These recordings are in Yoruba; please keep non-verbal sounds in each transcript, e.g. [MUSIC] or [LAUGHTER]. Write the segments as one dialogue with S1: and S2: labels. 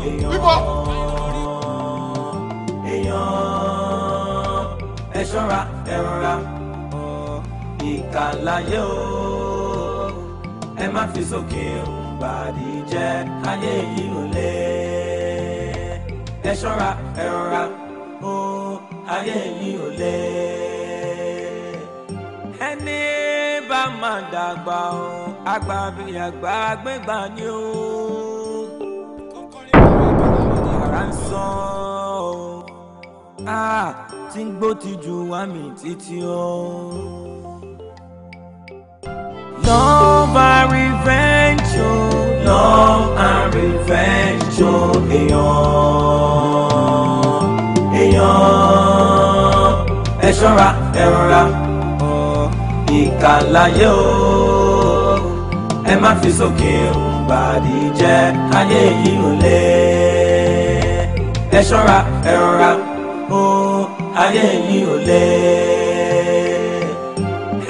S1: bíbọ. ìkàlàyé o ẹ má fi sókè bàdí jẹ́ ayé yìí ẹ ṣọ́ra ẹ rọra o ayé yìí ẹni bá má dàgbà o agbàdúyàgbà gbẹ̀gbà ni ó yàrá ń sàn ọ́ ah, tí ń gbó ti ju wá mi títí ọ́. love and revenge o love and revenge o èèyàn èèyàn ẹ ṣọ́ra ẹ rọra ìkà o ẹ má fi sókè ń bàdí jẹ́ ayé yìí ò lé ẹ ṣọ́ra ẹ rọra ó ayé yìí ò lé.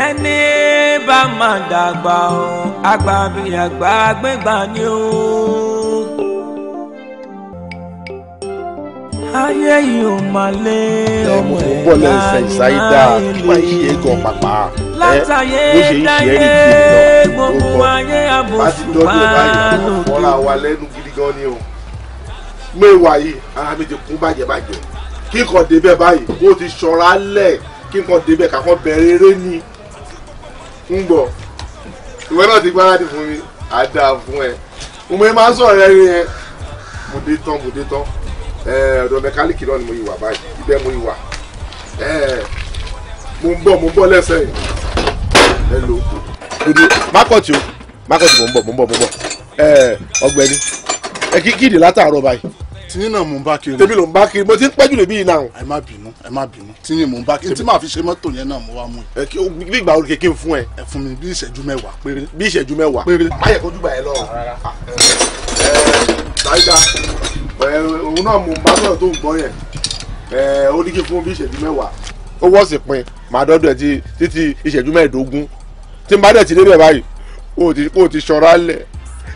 S1: ẹni bá máa dàgbà ó àgbà àgbà gbégbá ni ó. ayé yìí ò máa lé ọmọ ẹ̀ láyé láyé lè. ẹ mú bọ́lẹ̀ ṣàìsáyé dáa kí wàá yí ẹ̀gọ́
S2: pàpà látàyé dáyé gbogbo
S1: ayé àbòsùnmá lòdì.
S2: fọ́ra mẹ́wàá yìí ara mi ti kún bàjẹ́ bàjẹ́ kí débẹ̀ báyìí bó ti ṣọ́ra lẹ̀ kí débẹ̀ kàkọ́ bẹ̀rẹ̀ eré ni ń bọ̀ ìwé náà ti gbáradì fún mi àdá fún ẹ mo máa ń sọ̀rọ̀ ẹni yẹn mo dé tán mo dé tán ọ̀dọ̀ mẹkáníìkì náà ni mo yìí wà báyìí ibẹ̀ mo yìí wà mo ń bọ̀ mo ń bọ̀ lẹ́sẹ̀ yìí òde mákọ̀tì o mákọ̀tì mò ń bọ̀ mò ń bọ̀ mò ń bọ̀ ọ̀gbẹ́ni ẹ kí kíde látàárọ̀ báyìí. tíyín náà mò ń bá kiri. tèmi ló ń bá kiri mo ti ń pẹ́jù lèmi yìí náà. ẹ má bínú ẹ má bínú tíyín mò ń bá kiri tí màá fi ṣe mọ́tò yẹn náà mo wá mú ẹ. bí ìgbà orí kékeré fún ẹ. ẹ fún mi bí ìṣẹ́jú mẹ́wàá péré. bí ìṣẹ́jú mẹ́wàá péré. má yẹ kó dùgbà yẹn lọ. ṣáídà ah, òun náà mò ń bá sọ̀rọ̀ tó ń gbọ́ yẹn ó ní kí fún bí ìṣẹ́jú mẹ́wàá ó wọ́ tí n bá dẹ̀ ti débẹ̀ báyìí kó o ti ṣọ́ra lẹ̀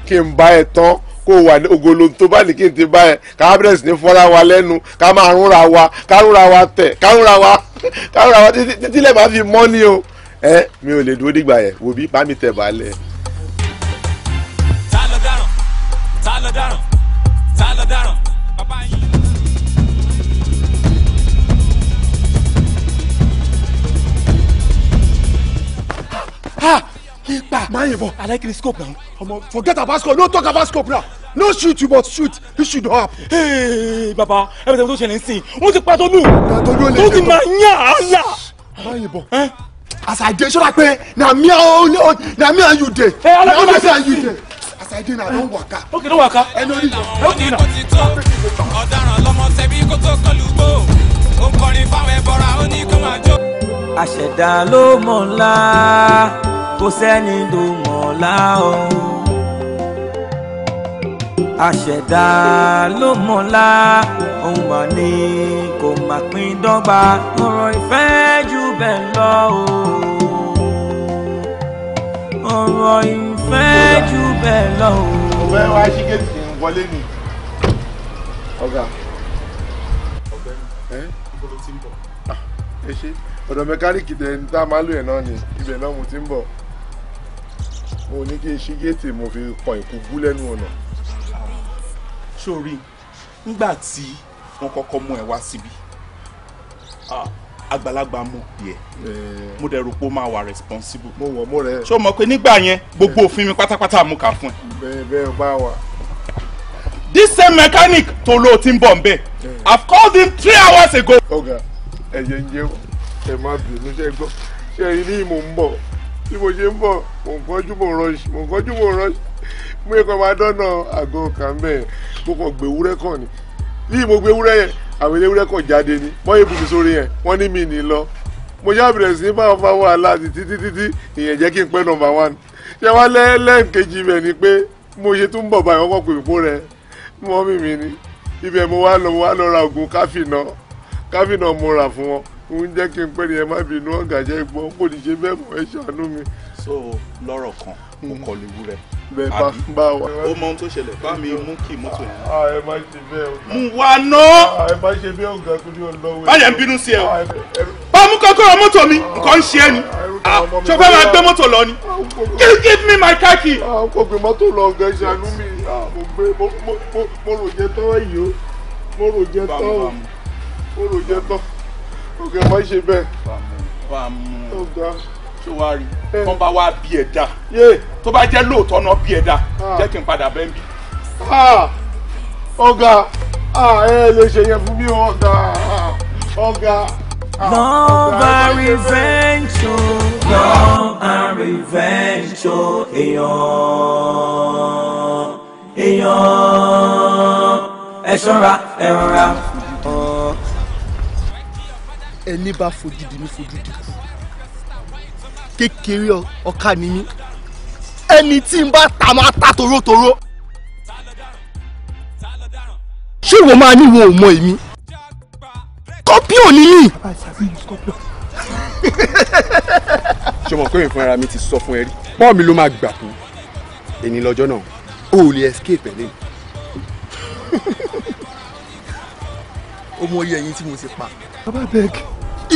S2: kí n bá ẹ tán kó wà ní ògolóhùn tó bá ní kí n ti bá ẹ kábírẹ̀sì ní fọ́lá wa lẹ́nu ká máa rúnra wa ká rúnra wa tẹ̀ ká rúnra wa [LAUGHS] ká rúnra wa títí lè má fi mọ́ ni o ẹ mi ò lè dúró dìgbà yẹn wò bí bá mi tẹ̀ balẹ̀.
S3: ta ló dáràn ta ló dáràn ta ló dáràn bàbá yín.
S2: ha ipa máa yìnbọn i like the scope now ọmọ forget about scope no talk about scope now no shoot you but shoot you should help. ee baba ẹbí tẹ́lẹ̀ tó ṣẹlẹ̀ ń sìn wọ́n ti pa tọ́lú tó ti máa yàn án là. máa yìnbọn as i dey sure pe na me me and you dey na only me and you dey as i dey
S3: na don waka. ok don waka. ẹni orí yẹn ẹni orí yẹn. ọ̀daràn lọmọ ṣebí kó tó kọlu ó ń kọrin fáwọn
S1: ẹbọra ó ní kó máa jó. àṣẹ̀dá ló mọ̀ ńlá kò sẹ́ni tó mọ̀ ọ̀la o àṣẹ̀dá ló mọ̀ ọ̀la òun mà ní kò má pín dọ́gba ọ̀rọ̀ ìfẹ́ jù bẹ́ẹ̀ lọ o ọ̀rọ̀ ìfẹ́ jù bẹ́ẹ̀ lọ o. ọ̀gbẹ́ wa ṣí gèdè kì í wọlé ni. ọ̀gá
S2: ọ̀gbẹ́ni ibo ló ti ń bọ̀. Ah, ẹ ṣe ọ̀dọ̀ mẹkáníìkì tẹ̀ ń tá a máa lò ẹ̀ náà ni ibẹ̀ náà mo ti ń bọ̀ mo ní géètì mo fi kọ ìkúgbú lẹ́nu ọ̀nà. sórí nígbà tí wọ́n kọ́kọ́ mú ẹ wá síbi àgbàlagbà mọ yẹ eh. mo dẹ̀ rò pé ó máa wà responsible. mo wọ mo rẹ. ṣé o mọ̀ pé nígbà yẹn gbogbo eh. òfin mi pátápátá mú kà fún ẹ. bẹ́ẹ̀ bẹ́ẹ̀ bá wà. this same mechanic tó ló ti ń bọ̀ nbẹ̀ eh. i've called him three hours ago. ọ̀gá ẹ̀yẹ̀ ń jẹun ẹ̀ má bínú ṣe gbọ́ ṣe rí ní ìmọ̀ ń bọ̀ bí mo ṣe ń bọ̀ mo kọjú mo rush mo kọjú mo rush mo yẹ kó máa dọ́nà àgọ́ kan bẹ́ẹ̀ mo kàn gbèwúrẹ́ kàn ni bí mo gbèwúrẹ́ yẹn àwọn eléwúrẹ́ kàn jáde ni wọ́n yẹ bùkún sórí yẹn wọ́n ní mi ní lọ mo yá bẹ̀rẹ̀ sí bá ọba wa láti títí títí ìyẹn jẹ́ kí n pẹ́ nọmba one ṣé wá lẹ́ẹ̀kejì bẹ̀ ni pé mo ṣe tún bọ̀ báyìí wọ́n kọ̀ pé kó rẹ mọ́ mi mi ni ibẹ̀ mo wá lọ mo wá lọ ra oògùn káfíìnà káfíìnà mo rà fún wọn òun jẹ́ kí n pẹ́ ni ẹ má bínú ọ̀gá jẹ́ gbọ́ kò ní ṣe bẹ́ẹ̀ mọ́ ẹ ṣàánú mi so lọ́rọ̀ kan kò kọ lè wúrẹ́ àbí ó mọ ohun tó ṣẹlẹ̀ bá mi mú kí mọ́tò yẹn. Ah, ẹ má ṣe bẹ́ẹ̀ o. mú wa ná. Ah, ẹ má ṣe bẹ́ẹ̀ o gan kúrò lọ́wọ́. báyọ̀ ń bínú sí ẹ o. Ah, bá mú kọ́kọ́rọ́ mọ́tò mi nǹkan ń ṣe ẹ́ ni. ṣé
S1: o fẹ́ máa gbé mọ́tò lọ ni.
S2: give me my car key. kò gbé mọ́tò lọ gan ṣàánú mi mo rò jẹ tán yìí o mo rò jẹ tán o mo rò jẹ tán o kò má ṣe bẹ́ẹ̀ ṣó wá rí kán bá wá bí ẹ tó bá jẹ́ lóòótọ́ náà bí ẹ ah. jẹ́ kí n padà bẹ́ẹ̀ bí. ọ̀gá ẹ lè ṣe yẹn fún mi
S1: ọ̀gá ọ̀gá. Love and revenge, oh, love and revenge, oh, èèyàn, èèyàn, ẹ ṣọ́ra, ẹ rọra.
S2: Ẹni bá fojú di ní fojú di kú kékeré ọkà ni mí ẹni tí n bá ta máa ta torótoró ṣé ìwọ máa ní ìwọ ò mọ èmi
S4: kọ́píò ni mí.
S2: ṣé mo kóyè fúnra mi ti sọ fún ẹ rí pọ́ọ̀ mi ló máa gbà tó èyí lọ́jọ́ náà o ò lè escape ẹ̀ lẹ́yìn. ọmọ yẹn yín tí mo ti pa. bàbá bẹ́ẹ̀kì.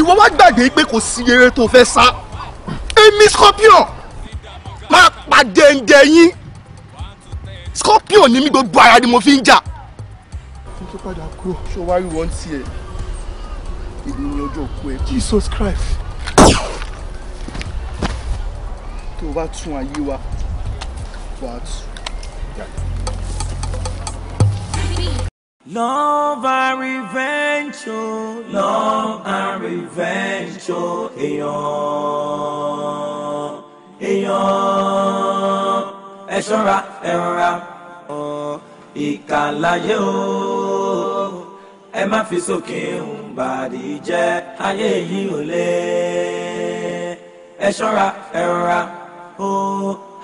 S2: ìwọ wá gbàgbé pé kò sí eré tó fẹ́ sá èmi scorpion máa pa dẹ́ndẹ́ yín scorpion ni mi gbogbo ara ni mo fi ń jà. kí n tó padà kúrò ṣé o rí wọn tiẹ̀ èmi ni ọjọ́ òkú ẹ Jesus Christ
S1: tó o bá tún ayé wa wàá tún. love and revenge o oh. love and revenge o oh. èèyàn èèyàn ẹ ṣọ́ra ẹ rọra ìkàlàyé o oh. ẹ má fi sókè ń bàdí jẹ́ ayé yìí ò lé ẹ ṣọ́ra ẹ rọra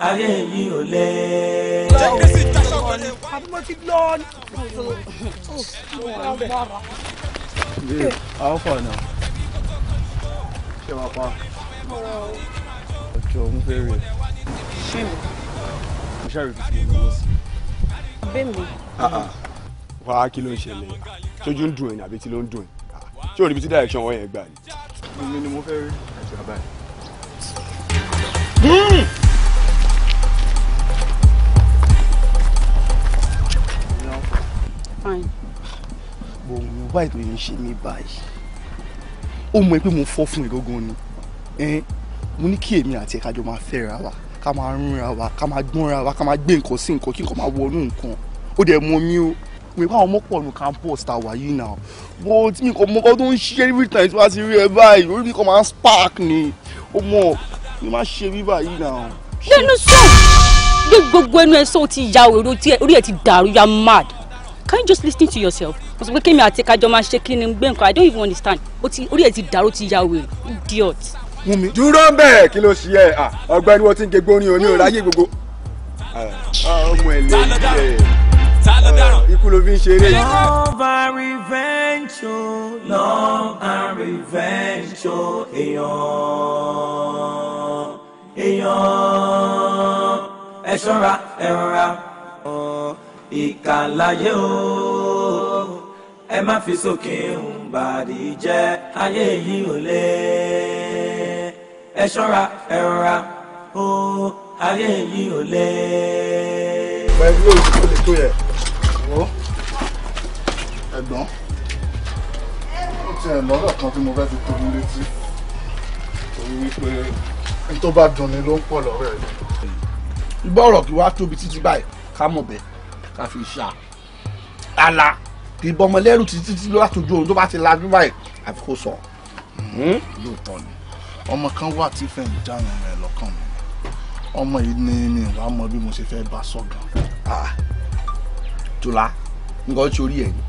S1: ayé yìí ò lé àbí mo ti kí ló ń
S2: ṣẹlẹ̀ ṣojú ń dùn ẹ̀ ní àbí tí ló ń dùn ẹ̀ ṣé o rí ibi tí wọ́n yẹn gbà ni. mo fẹ́ rí àti bàbá fine. bọ̀wọ̀ mi wáyé tó yẹn ń ṣe mí báyìí ó mọ̀ pé mo fọ́ fún ìrógún ni mo ní kí èmi àti ẹ̀ka jọ máa fẹ́ra wa ká máa rúnra wa ká máa gbọ́nra wa ká máa gbé nǹkan sí nǹkan kí nǹkan máa wọnú nǹkan ó dẹ̀ mọ mi o pé káwọn ọmọ pọ̀ nù campus ta wà yìí náà bó tí mi kò mọ kó tó ń ṣe every time tí wọ́n ti rí ẹ báyìí orí mi kò máa ń spark ni ó mọ̀ mi máa ṣe bí báyìí náà.
S5: lẹ́nu sọ gbé gbogbo ẹnu ẹ sọ ti ya orí ẹ ti dàrú ya mad can you just listen to yourself because pé kémi àti kájọ máa ṣe kí ni gbé nǹkan i don't even understand ó ti orí ẹ̀ ti dàrú ti ya wèrè idiot. wumi
S2: dúró bẹ́ẹ̀ kí ló ṣe ẹ ọ̀gbẹ́ni wo ti ń ge gbórin òní ò ráyè gbogbo
S1: ọmọ ẹ lè yẹ ikú ló fi ń ṣeré. love and revenge o oh, love and revenge o oh, èèyàn èèyàn ẹ ṣọ́ra ẹ rọra ìkàláyé o ẹ má fi sókè ń bàdí jẹ́ ayé yìí ò lé ẹ ṣọ́ra ẹ rọra o ayé yìí ò lé. pẹ̀lú òṣìṣẹ́ lè tó yẹ wọ́n ẹ̀gbọ́n
S2: ó ti ẹ̀ lọ́rọ̀ kan tí mo fẹ́ fi tó mi létí torí wípé n tó bá dunni ló ń pọ̀ lọ́rọ̀ ẹ̀. ìbọ̀rọ̀ kí wàá tóbi títí báyìí ká mọ̀ bẹ́ẹ̀ ká fi ṣá àlà kì í bọmọ lẹ́rù títí tí látòjú òun tó bá ti lajú báyìí àfi kó sọ. Hmm? lóòótọ́ ni ọmọ kan wà tí fẹ́ ń jáwọn rẹ̀ lọ́kàn mi ọmọ yìí ni mi wàá mọ bí mo ṣe fẹ́ bá sọ̀gàn. tula nǹkan tí orí ẹ̀ ni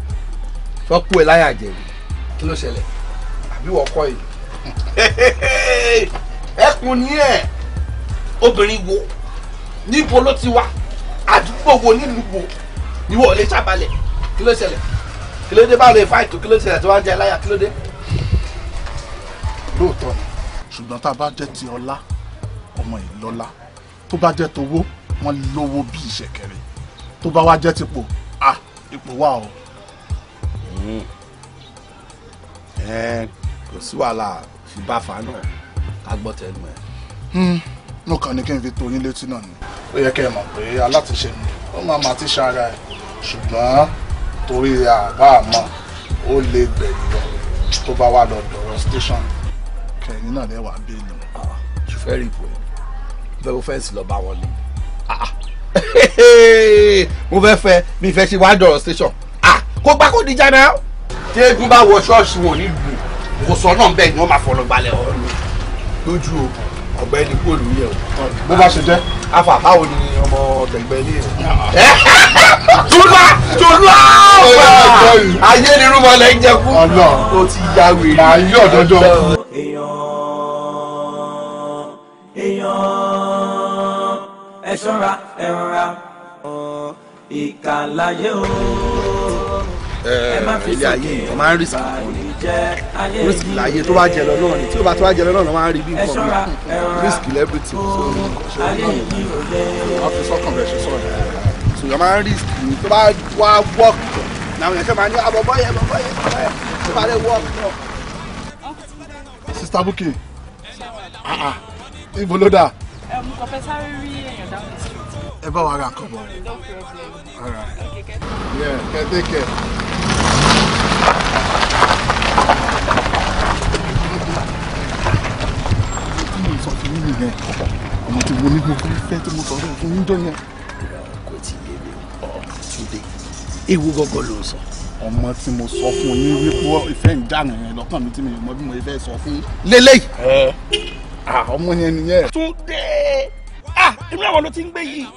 S2: fẹ́ kú ẹ láyà jẹ̀ ni kí ló ṣẹlẹ̀ àbí wọ́n kọ́ yìí. ẹkùn ni ẹ obìnrin wo níbo ló ti wá àdúgbò wo nílùú wo níwọ̀ ò lè ṣàbalẹ̀ kí ló ṣẹlẹ̀ kí ló dé báwo lè fáìtò kí ló ṣẹlẹ̀ tí wọ́n á jẹ aláya kí ló dé. lóòótọ́ ni ṣùgbọ́n tá a bá jẹ́ ti ọlá ọmọ ìlọ́lá tó bá jẹ́ towó wọ́n lówó bí ìṣẹ̀kẹ̀rẹ̀ tó bá wá jẹ́ tipò à ipò wà o. Hmm. kò sí wàhálà fi bá fa náà ká gbọ́ tẹnu ẹ̀. Hmm inú kan ni kí n fi tó yín létí náà ni ó yẹ kẹ́ ẹ mọ̀ pé alátiṣe mi ó máa máa ti ṣara ẹ̀ ṣùgbọ́n torí àbá àmọ́ ó lè gbẹ̀yìn lọ tó bá wà lọ dọ̀rọ̀ station kẹ̀yìn náà lẹ́wàá bẹ́ẹ̀lì. Ah, ṣe fẹ́ rí ipò bẹ́ẹ̀ o fẹ́ sì lọ bá wọn ah, ah. lé [LAUGHS] mo fẹ́ fẹ́ mi fẹ́ ṣe wá dọ̀rọ̀ station kó gbá kó dìjà náà. tí eégún bá wọ ṣọ́ọ̀ṣì wọn nílùú kò sọ náà bẹ́ẹ̀ ni wọ́n máa fọ̀rọ̀ ọ̀rọ̀ lójú ogun ọ̀gbẹ́ni kúrò lórí ẹ o. bó bá ṣe jẹ. afa báwo ni ọmọ ọ̀gbẹ̀gbẹ̀ ilé rẹ.
S3: tùlá tùlá ọ̀gbà ayé ni
S2: rúmọlẹ̀ ń jẹ kú. ọlọ o ti ya wèrè. màá yí ọ̀dọ́dọ́. èèyàn
S1: èèyàn ẹ ṣọ́ra ẹ rọra ìkà láyé o. Eh, ilé ayé nǹkan máa ń risk kan risk láyé tó bá jẹ lọ náà ni tí ó bá tó
S2: bá jẹ lọ náà máa ń rí bí nǹkan
S1: mi
S2: risk everything so ṣe wọn so yọ máa ń risk ni tó bá wá work làwọn yẹn kẹ́ máa ní abọ́bọ́ ah, yẹn bọ́bọ́ yẹn bọ́bọ́ yẹn tó bá lè work náà. sista Bukky ah, ah, ibo ló dà.
S4: ẹ mú kọfẹ sáré rí èèyàn dáhùn. bá wa ra nǹkan bọ̀. All right.
S5: Okay, good. Yeah, okay, take care.
S2: to tí mo ní mo fẹ́ fẹ́ tí mo sọ̀rọ̀ I'm yín to yẹn. kò tí yé mi ọ túnde ewu gọgọ ló sọ. ọmọ tí mo sọ fún yín wípé ìfẹ́ ń dànù yẹn lọ́kàn mi tí mi ò mọ bí mo fẹ́ sọ fún. lélẹ́yìí ọmọ yẹn nìyẹn. túnde ah inú ẹ̀wọ̀n ló ti ń gbé yìí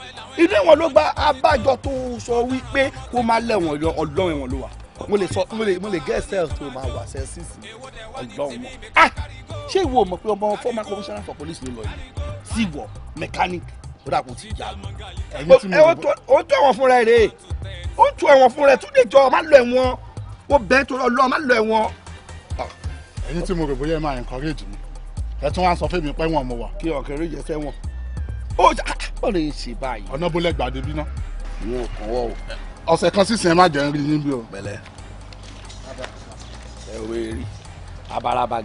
S2: inú ẹ̀wọ̀n ló gba abájọ tó sọ wípé kó má lẹ̀wọ̀n lọ ọlọ́run ẹ̀wọ̀n ló wà mo lè sọ mo lè mo lè get cell to máa wà cell six ọlọ́run wọn ah ṣé ìwọ mọ̀ pé ọmọ former commissioner for police ló lọ yìí sí ìwọ mechanic ó dà kó ti jà lọ. ó tó ẹ̀wọ̀n fúnra ẹ̀ rè ó tó ẹ̀wọ̀n fúnra ẹ̀ túnde jọ má lọ ẹ̀wọ̀n ó bẹ́ẹ̀ tó lọ lọ má lọ ẹ̀wọ̀n. Ah. ẹ̀yin tí mo rò bóyá ẹ máa encourage mi ẹ tún wá sọ fún mi pé wọn mo wà. kí ọkẹrẹ jẹ sẹwọn ó jà ó lè ṣe báyìí. ọ̀nà bó lẹ́gbàá débi ná. ìwọ ò kàn wọ́ o. ọ̀sẹ̀ kan sísìn ẹ má jẹun rí níbí o. bẹ̀lẹ̀ ẹ wé rí abaraba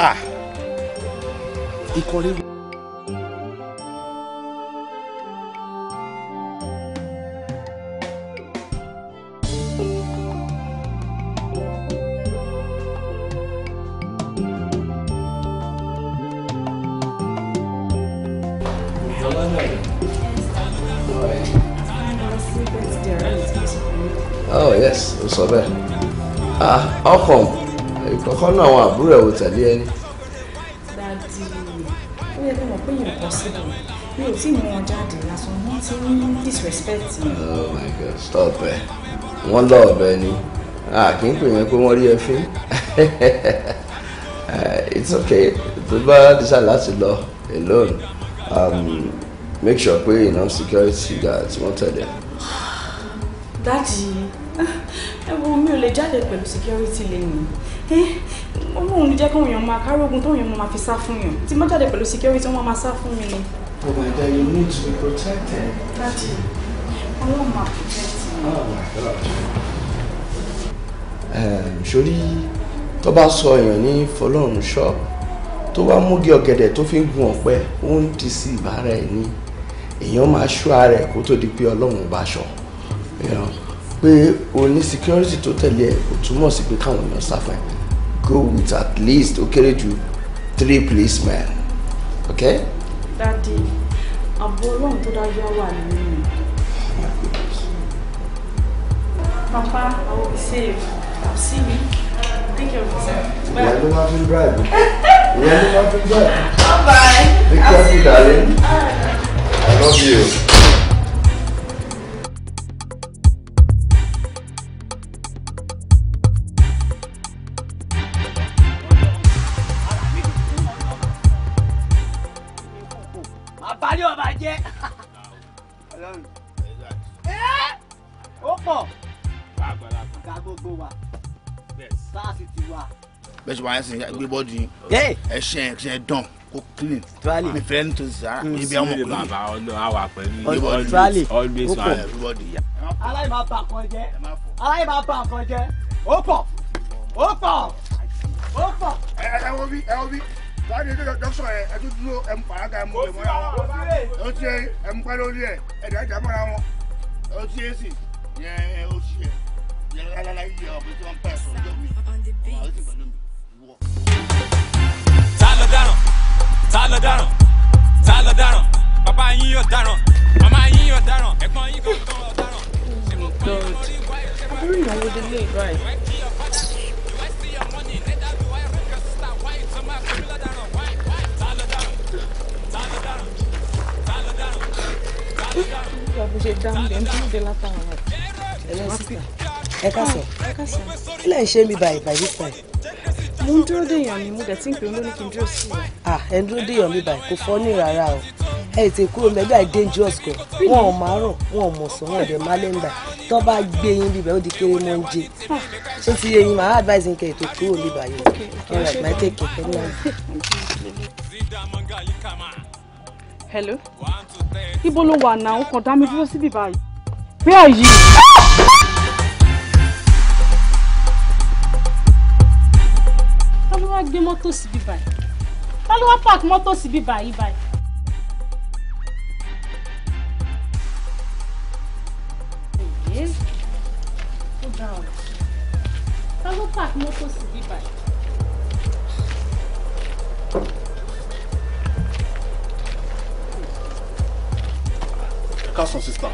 S2: ah nǹkan rírun. yes ó sọ bẹ́ẹ̀ ah ọkàn ìkọ̀kọ́ náà àwọn àbúrò ẹ̀ wò tẹ̀lé ẹni.
S4: dadi ó yẹ kí wọn pé yẹn kọ sí mi ò tí ì mú wọn jáde lásán wọn ti ń disrespect
S1: mi. oh my god stop ẹ wọn lọ ọbẹ ni
S2: kì í pè yẹn pé wọn rí ẹ fín [LAUGHS] eh, it's okay tó bá dísà láti lọ alone um, make sure pé iná security guard wọn tẹ̀lé.
S4: dadi jáde pẹ̀lú security lẹ́yìn ọlọ́run ló jẹ́ kí òyìn ọmọ akárógun tó òyìn ọmọ máa fi sá fún yàn tí má jáde pẹ̀lú security wọ́n máa sá fún mi ni.
S2: Oh my God, you need to be protected.
S4: Daddy, ọlọ́run máa protect
S1: me. Oh my
S2: God. Ṣorí tó bá sọ èèyàn ní fọlọ́run ṣọ́ọ̀bù tó wá múgi ọ̀gẹ̀dẹ̀ tó fi ń gun ọ̀pẹ ó ń di sí ìbára ẹ̀ ní èèyàn máa ṣọ́ ara ẹ̀ kó tó di pé ọlọ́run bá ṣọ́ pé o ní security tó tẹ̀lé ẹ̀ kò túmọ̀ sí pé káwọn èèyàn sáfà go with at least ó kéré jù three policemen ok.
S4: dadi àbò ọlọ́run tó dájú wà nínú papa i will be safe see you. take care of yourself.
S5: ìyá ló máa fi bribe ìyá
S2: ló máa fi bribe.
S1: bye bye.
S4: be
S2: you, darling i love you. bẹ́ẹ̀ ṣe wáyé sìn gbé bọ́ọ̀dù yín ẹ̀ṣẹ̀ ẹ̀ṣẹ̀ dán kó clean tuwali mi fẹ́rẹ́ nítorí sara mm. ibi àwọn ọkùnrin bàbá ọlọ àwà pẹ̀lú tuwali kókò
S3: aláì máa bà kan jẹ́ aláì máa bà kan jẹ́ ó pọ̀ ó pọ̀ ó pọ̀. ẹ ẹ wo bí ẹ wo bí
S2: láti ẹjọ́ dọ́kítọ̀ ẹ ẹ tó dúró ẹ mú pàrágà ẹ mú ẹ mọ́ra wọn ó ti ẹ mú pẹ́ lórí ẹ ẹ dẹ̀ ẹ jà mọ́ra wọn
S1: ó ti ẹ sì yẹ ẹ ó ṣe ẹ yẹ lálálá yìí ẹ ọ̀pẹ tí wọ́n ń pẹ́ sọ̀rọ̀ lómi
S3: ọ̀hún ti pẹ̀lú mi. ta ló dáràn ta ló dáràn
S1: ẹ ká sọ ẹ
S4: ká sọ ẹ lẹ́yìn mi báyìí báyìí báyìí mo ń dúró dèèyàn ni mo dẹ̀ ti ń pè olórí kí n dúró sí i. ah ẹ ń dúró dèèyàn mi báyìí kò fọ́ ní rárá o ẹ ti kúrò mẹ́gbẹ́ àì dangerous gan wọn ò máa rọ̀ wọn ò mọ̀ sọ wọn ò dẹ̀ máa lẹ́ńdà tó bá gbé yín bíbẹ̀ ó di kéré mọ́ ń jẹ ah. ṣé ti yẹ yín màá advise nǹkan ètò kúrò ní báyìí all right my take care very hello ibo ló wà náà ó kàn dá mi dúró síbí báyìí wá gbé mọ́tò síbí báyìí ta ló wá park mọ́tò síbí báyìí báyìí. èyí ó dá ọ ta ló park mọ́tò síbí báyìí. ẹ káàsán sista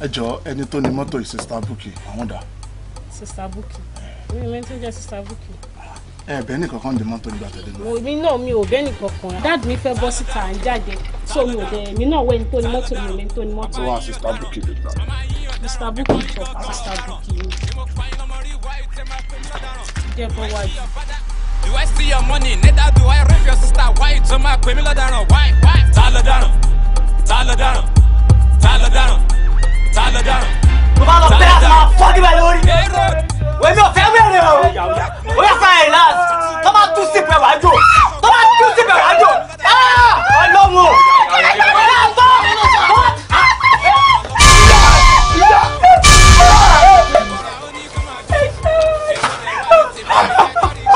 S2: ẹ jọ ẹni tó ni mọ́tò yìí sista Bukky àwọn dà.
S4: sista Bukky mi ò mẹ́tò sista Bukky
S2: ẹ bẹ́ẹ̀ di mọ́tò nígbà tẹ̀lé lọ.
S4: èmi náà mi ò bẹ́ẹ̀ nìkan kan mi fẹ́ bọ́ síta ń jáde so mi ò dẹ̀ èmi náà wẹ̀ tó ni mọ́tò
S3: mi ò lè tó ni mọ́tò. wọ́n
S2: á sista bukki lè gbà.
S3: sista bukki tọ́ sista bukki ni. jẹ́ bọ́ wájú. Do I see your money? Neither do I rape your sister. Why you tell my pè mí lọ́daràn? Why? Why? Ta ló dáràn? Ta ló dáràn? Ta ló tó bá lọ fẹ́ àti máa fọ́ níbẹ̀ lórí èmi ò fẹ́ wẹ̀rẹ̀ o ó yà fún àìlá tó bá tún sí ìpẹ́ wàá jò tó bá tún sí ìpẹ́ wàá jò ọlọ́run o.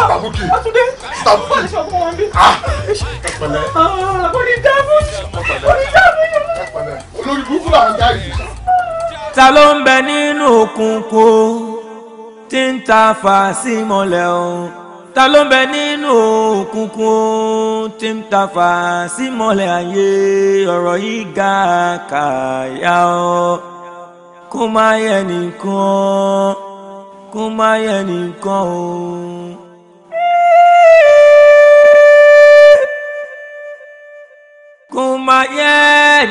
S4: Tabuki. Tabuki. Ah! Ẹ pẹ̀lẹ́. Ọ̀rọ̀ kò ní dábùjì. Kò ní dábùjì. Ẹ
S2: pẹ̀lẹ́. Olórí burúkú làwọn jáde
S1: ta ló ń bẹ nínú òkùnkùn tí ń ta fà sí mọ́lẹ̀ o ta ló ń bẹ nínú òkùnkùn tí ń ta fà mọ́lẹ̀ ayé ọ̀rọ̀ yìí ga kàyà o kó má yẹ nìkan kó má yẹ nìkan o. ayé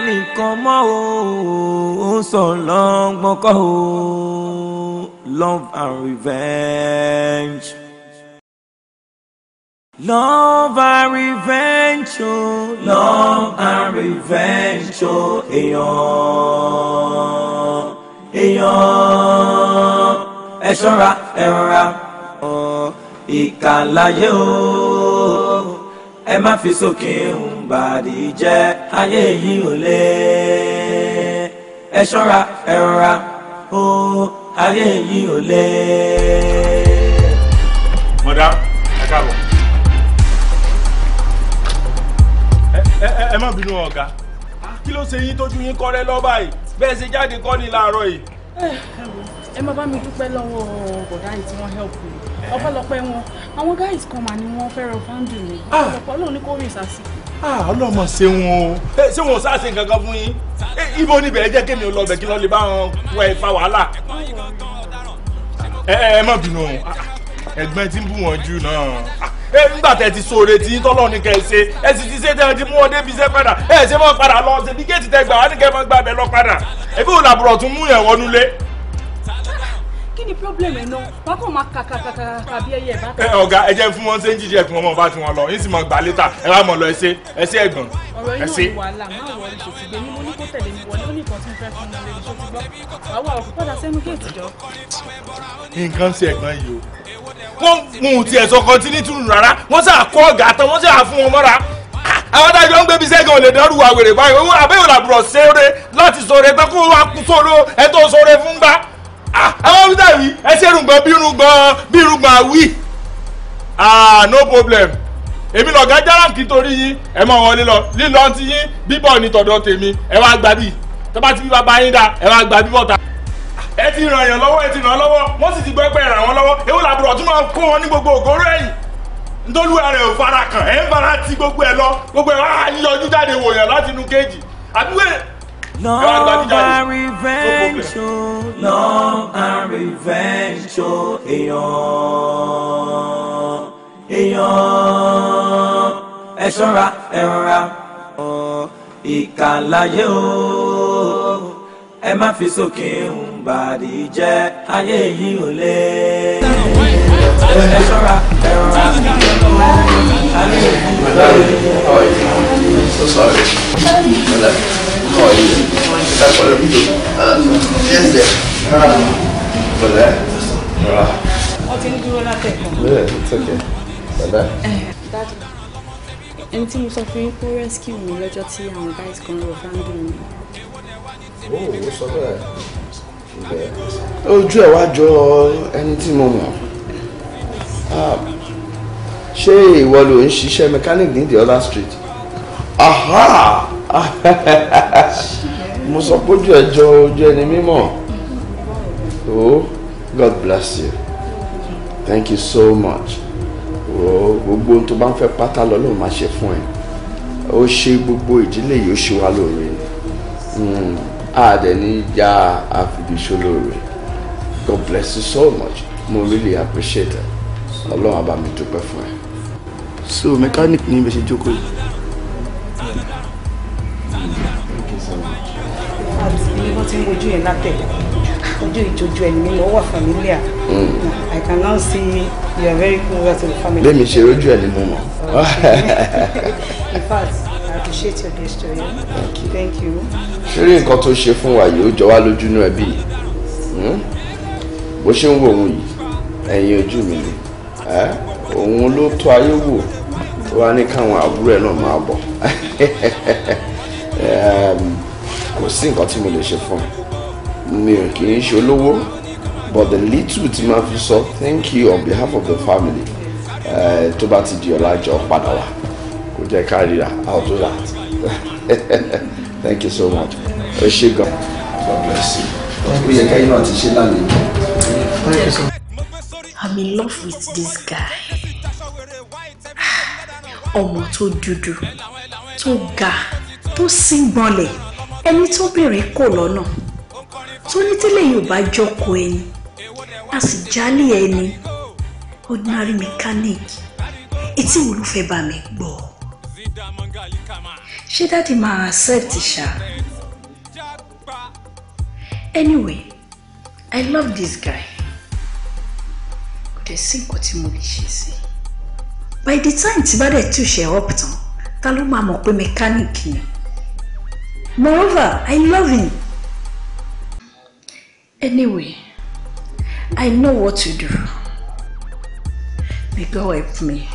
S1: nìkan mọ́ o ń sọ lọ́gbọ́n kọ́ o love and revenge. Love and revenge o, love and revenge o, èèyàn, èèyàn, ẹ ṣọ́ra, ẹ rọra, ìkà láyé o ẹ má fi sókè ń bàdí jẹ́ ayé yìí ò lé ẹ ṣọ́ra ẹ rọra ó ayé yìí ò lé. mọ̀dá ẹ káàbọ̀
S2: ẹ má bínú ọ̀gá kí ló ṣe yín tójú yín kọ́rẹ́ lọ́ba yìí bẹ́ẹ̀ ṣe jáde kọ́ ni láàárọ̀ yìí.
S4: ẹ má bá mi dúpẹ́ lọ́wọ́ bọ̀dá yìí tí wọ́n help me ọpẹ́lọpẹ́ wọn àwọn guys kan mà ni wọ́n fẹ́ràn fáńdù mi ah! ọ̀pọ̀lọpọ̀ lóun ní kò rìn sásì.
S2: Ah, ọlọ́mọ ṣe wọn o eh, ṣé wọn ò sáà ṣe nǹkan kan fún yín eh, ibo níbẹ̀ ẹ jẹ́ kémi lọ bẹ̀ kí lọ́ọ́ lè bá wọn wá fa wàhálà ẹ eh, ẹ má bínú ah, ẹgbẹ́ tí ń bù wọ́n jù náà ẹ nígbà tẹ ti sọ̀rọ̀ tí tọ́lọ́ ní kẹ́ ẹ ṣe ẹ sì ti ṣe tẹ ẹ ti mú ọ débi iṣẹ́ padà ẹ ṣe mọ́ padà lọ ṣe bí géètì tẹ gbà wá ní kẹ́ ẹ mọ́ gbà bẹ́ẹ̀ lọ padà ẹbí òun làbúrò tún mú yẹn wọnú lé
S4: kí ni problem ẹ̀ náà wọn kàn máa kàkàkàkà bí ẹyẹ bá. ẹ ọ̀gá ẹ
S2: jẹ́ fún wọn ṣe ń jíjẹ ẹ̀kún ọmọ bá ti wọn lọ yín sì mọ̀ gbà létà ẹ wá mọ̀ lọ ẹ ṣe ẹ ṣe ẹ̀gbọ́n. ọ̀rọ̀ yìí ò ní
S4: wàhálà má wọ ìṣòtì gbé ní mo ní kó tẹ̀lé mi wọlé ó ní nǹkan fẹ́ fún mi lè ṣó ti gbọ́ àwa òkú
S2: padà sẹ́nu ah, àwọn adájọ́ ń gbébi sẹ́gun lè dẹ́rù wa wèrè báyìí àbẹ́yò làbúrò ṣeré láti sọ̀rọ̀ ẹgbẹ́ kó wa kú sóró ẹ tó sọ̀rọ̀ fún gbà àwọn ah, ọmọ tàbí ẹ ṣe rúgbọn bí rúgbọn bí rúgbọn àwí ah no problem èmi lọ̀gá járàǹkì torí yín ẹ mọ wọn lílọ lílọ ti yín bíbọ̀ ní tọ̀dọ̀ tèmi ẹ wá gba bí tó bá ti bí bàbá yín dá ẹ wá gba bíbọ̀ ta. ẹ ti ràn yàn lọ́wọ́ ẹ ti ràn lọ́wọ́ wọ́n sì ti gbọ́ pé ràn wọ́n lọ́wọ́ ewu làbúrò tún máa kó wọn ní gbogbo ògóró ẹ̀yìn nítorí ara ò fara kàn ẹ̀ ń fara ti gbogbo ẹ̀ lọ gbogbo ẹ̀ wá yíyanjú jáde wòyàn láti kéèjì àbúrò
S1: love and revenge o love and revenge o èèyàn èèyàn ẹ ṣọ́ra ẹ rọra ìkàlàyé o ẹ má fi sókè ń bàdí ayé yìí ò lé ẹ ṣọ́ra ẹ rọra ayé
S4: yìí ò lé mọ̀ ẹ́ ẹ pẹ̀lú bí ẹsẹ̀ pẹ̀lẹ́ rà. wọ́n ti ń dúró látẹ̀kọ́. bẹ́ẹ̀ ní tẹ̀kẹ́ pẹ̀lẹ́. ẹni tí mo guys kan rọ̀ fáńdù mi.
S3: ó ò sọ bẹ́ẹ̀
S2: ojú ẹ̀ wá jọ ẹni tí mo mọ̀ ah, ṣé ìwọ ló ń ṣiṣẹ́ mechanic ní the other street
S3: aha [LAUGHS]
S2: mo sọ pójú ẹjọ́ ojú ẹni mímọ́ oh God bless you thank you so much oh gbogbo ohun tó bá ń fẹ́ pátá lọ́lọ́run máa ṣe fún ẹ ó ṣe gbogbo ìdílé yìí ó ṣe wá lóore àdẹ̀ni hmm, ya àfìbíṣó lóore God bless you so much mo really appreciate it ọlọ́run á bá mi dúpẹ́ fún ẹ. so mechanic ni ibẹ̀ ṣe jókòó yìí.
S4: tí mo ojú yẹn látẹ̀ ojú ìjojú ẹni mi ó wà familiar hmm. I can now see you are very close to the family. lèmi
S2: ṣe rojú ẹ mo mọ.
S4: [LAUGHS] in fact I appreciate your gesture yeah? thank you. ṣeré
S2: nǹkan tó ṣe fún wa yìí ó jọ wá lójú inú ẹbí yìí hmm? bó ṣe ń wo òun yìí ẹ̀yìn ojú mi ni òun ló tó ayé wò tó wá ní káwọn àbúrò ẹ̀ náà máa bọ̀. [LAUGHS] kò sí nǹkan tí mo lè ṣe fún ẹ mi ò kì í ṣe olówó but the little tí máa fi sọ thank you on behalf of the family eh, tó bá ti di ọ̀la padà wá kò jẹ́ ká ríra i'll do that [LAUGHS] thank you so much ẹ ṣé gan god bless you ó yẹ ká iná àti ṣe lálejò.
S4: I'm in love with this guy ah, ọmọ tó dúdú tó ga tó síngbọnlẹ̀ ẹni tó bèrè kò lọ́nà tó ní tílé yóò bá jọkọ ẹni a sì jálè ẹni ordinary mechanic etí wo ló fẹ́ bá mi gbọ́ ṣé dáàdi máa accept ṣá anyway I love this guy kò dẹ̀ sí nǹkan tí mo lè ṣe sí by the time tí bá dẹ̀ tún ṣe up tán ta ló máa mọ̀ pé mechanic ni. Moreover, I love him. Anyway, I know what to do. May God help me.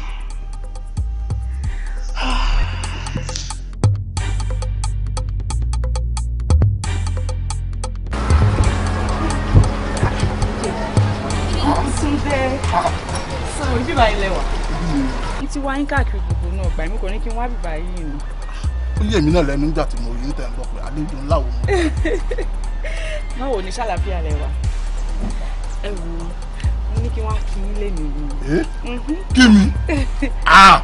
S4: Sorry, bí báyìí lẹ́wà. Mo ti wá yín káàkiri gbogbo náà, gbàmí kò ní kí n wá
S2: ó yé mi náà lẹ́nu nígbà tí mo rí ń tẹ̀ ń bọ̀ pé àlejò ńlá
S4: wo mo. [LAUGHS] báwo ni ṣàlàfíà rẹ wà ẹ wò ó mo ní kí wọ́n á kí yín lé mi ni. Mhm. kí
S2: mi [LAUGHS] ah!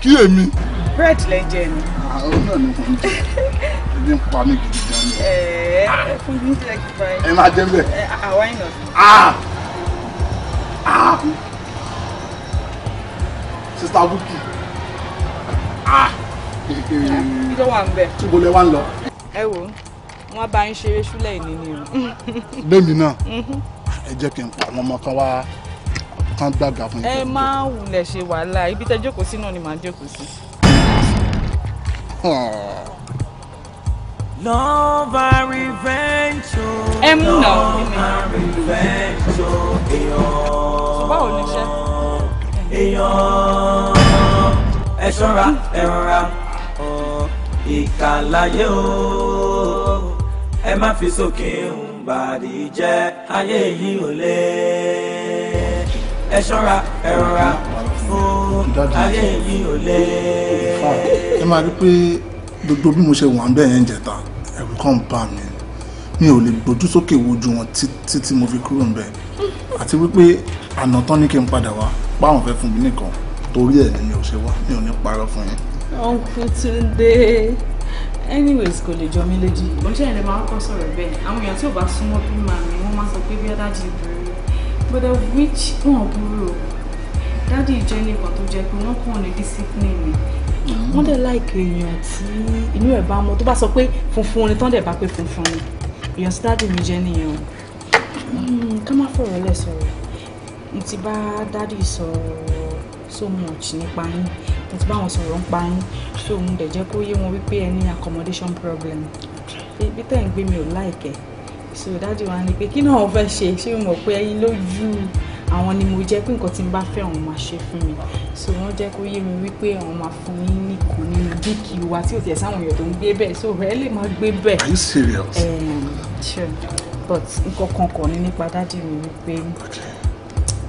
S2: kí èmi.
S4: bread lẹ jẹ ni. àwọn ah, náà
S2: ni kò ń jẹ ebi ń pa mí gidi gan ni.
S4: ẹ ẹ fún mi jẹ kí báyìí. ẹ máa jẹ bẹ́ẹ̀. àwa ìnà. sista Bukky ìjọ wà ń lọ. ẹ wo wọn bá ń ṣeré ṣúlẹ̀ ìní ni o. lèmi náà mhm.
S2: ẹ jẹ́ kí n pa àwọn ọmọ kan wá kan gbàgà fún yín. ẹ
S4: má wulẹ̀ ṣe wàhálà ibi tẹ́ jókòó sí náà ni màá jókòó sí.
S1: Love and revenge o. Oh, ẹ mú nà ó ní mi. Ṣùgbọ́n ò ní ṣe. ẹ ṣọ́ra ẹ rọra ìkàláyé o ẹ má fi sókè ń bàdí jẹ́ ayé yìí ò lé ẹ ṣọ́ra ẹ rọra fún ayé yìí ò lé.
S2: ẹ máa rí pé gbogbo bí mo ṣe wà ń bẹ̀ yẹn jẹ̀ta ẹ̀rù kàn bà mí mi ò lè gbójú sókè wojú wọn títí tí mo fi kúrò ńbẹ̀ àti wípé àná ní kí n padà wá páwọn fẹ́ fún mi nìkan torí ẹ̀ ni mi ò ṣe wá mi ò ní parọ́ fún yín
S4: uncle Túndé anyways college lè jọ mí lójú. mo jẹ́ ẹ̀rẹ́ máa kọ́ sọ̀rọ̀ bẹ́ẹ̀ àwọn èèyàn tí ò bá súnmọ́ bí màá mi wọ́n máa sọ but of which one, burú o dádì jẹ́ nìkan tó jẹ́ pé wọ́n kàn ní discipline mi wọ́n dẹ̀ láìkè èèyàn tí inú ẹ̀ bá mọ tó bá sọ pé funfun ni tán dẹ̀ bá pé funfun ni èèyàn tí dádì mi jẹ́ nìyẹn o hmm, ká má fọ̀rọ̀ lẹ̀ sọ̀rọ̀ mo ti bá dádì sọ̀rọ̀ so much nípa yín mo ti bá wọn sọ̀rọ̀ ń pa yín so mo dẹ̀ jẹ́ kó yé wọn wípé ẹ ní accommodation problem ibi tẹ́ ń gbé mi ò láìkẹ́ so dájú wa ni pé kí náà wọ́n fẹ́ ṣe ṣé mo mọ̀ pé ẹyin lójú àwọn ni mo jẹ́ pé nǹkan tí n bá fẹ́ àwọn máa ṣe fún mi so wọ́n jẹ́ kó yé mi wípé àwọn máa fún yín nìkan nínú bíkì wa tí ò tiẹ̀ sáwọn èèyàn tó ń gbé bẹ́ẹ̀ so rẹ̀ lè máa gbé bẹ́ẹ̀. are you serious? Um, sure but nǹkan kan kọ̀ ní nípa dájú mi wípé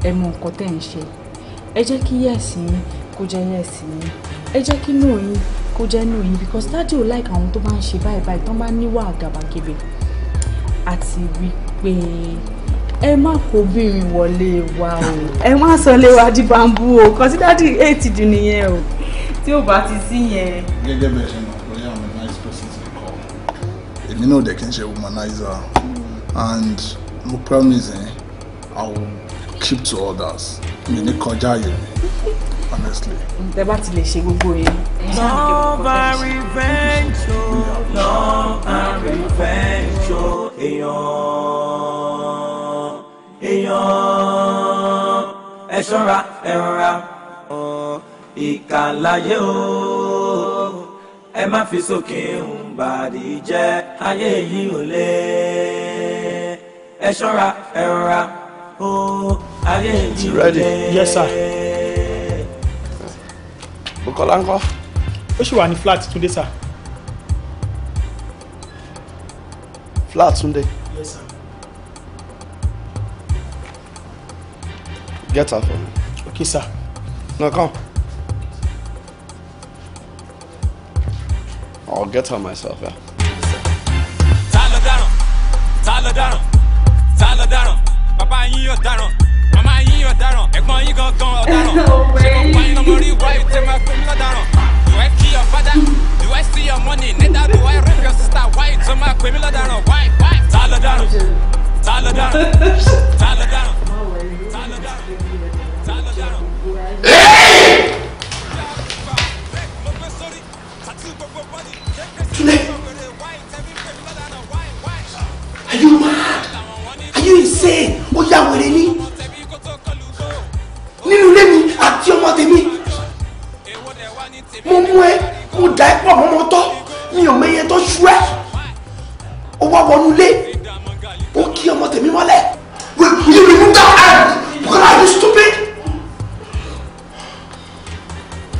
S4: ẹ mọ nǹkan tẹ́ ń ṣe ẹ jẹ́ kí yẹ̀sìn kó jẹ́ yẹn sí i ẹ jẹ́ kí inú yín kó jẹ́ inú yín because dájú ò like àwọn tó bá ń ṣe báyìí báyìí tó bá níwà àgàbàgebè àti wípé ẹ má kó bìnrin wọlé wa o ẹ má sọ lé wa di bambú o kan sí dájú eight jù nìyẹn o tí ò bá ti sí yẹn.
S2: gẹ́gẹ́ bẹ́ẹ̀ ṣe mọ̀ pé àwọn nice persons dey call èmi náà dẹ̀ kí n ṣe womanizer and mo promise eh, I will keep to others mi ní kọjá yẹn
S1: honestly. tẹ bá ti lè ṣe gbogbo yẹn. love and revenge o oh. love and revenge o oh. èèyàn èèyàn ẹ ṣọ́ra ẹ rọra ìkàlàyé o oh. ẹ má fi sókè ń bàdí jẹ́ ayé yìí ò lè ẹ ṣọ́ra ẹ rọra o ayé yìí ò Yes, sir. Bùkọ́lá ńkọ́.
S2: ó sì wà ní flat Túndé sir. flat Túndé. yes sir. get her for me. okay sir. now come.
S3: I'll oh, get her myself. Yeah. ta ló dáràn ta ló dáràn bàbá yín yóò dáràn ọ̀daràn ẹ̀gbọ́n yín gangan ọ̀daràn ṣé mo pa iná mo rí ìwà ìtẹ́ máa pè mí lọ́daràn do I kill your father do I steal your money neither do I rape your sister why ìtọ́ máa pè mí lọ́daràn why why ta ló dáràn ta ló dáràn ta ló dáràn ta ló dáràn ta ló dáràn.
S2: Are you mad? Are you insane? Ó yà You ni nínú ilé mi àti ọmọ tèmi mo mú ẹ mo dà ẹ pọ̀ mọ́ ọmọ tọ́ mi ò mẹyẹ tó ṣú ẹ ó wá wọnú ilé ó kí ọmọ tèmi mọ́lẹ̀ you remove that hand because are you stupid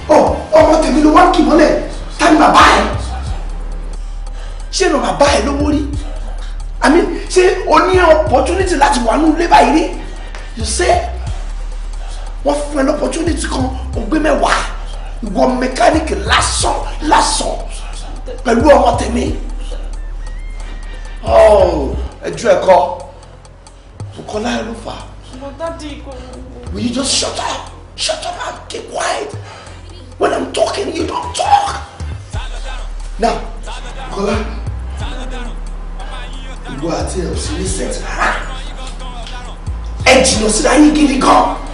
S2: ọ oh, ọmọ tèmi ló wá kì mọ́lẹ̀ ta ni bàbá ẹ ṣé ìrọ̀ bàbá ẹ lówó rí àmì ṣé o ní opportunity láti wà nínú ilé báyìí rí you see wọ́n fún ẹ lọ́pọ̀tunity kan ògbé mẹ́wàá ìwọ mẹkáníìkì lásán lásán pẹ̀lú ọmọ tèmi ẹjọ́ ẹ̀kọ́ Bukola ẹ̀ Will you just shut up?
S4: Shut up and
S2: keep quiet. When I'm talking, you don't talk. Now, Bukola, ìwọ àti ẹ̀ ò sí ní sẹ́ńtì rárá. Ẹ jìnnà síra yín gidi gan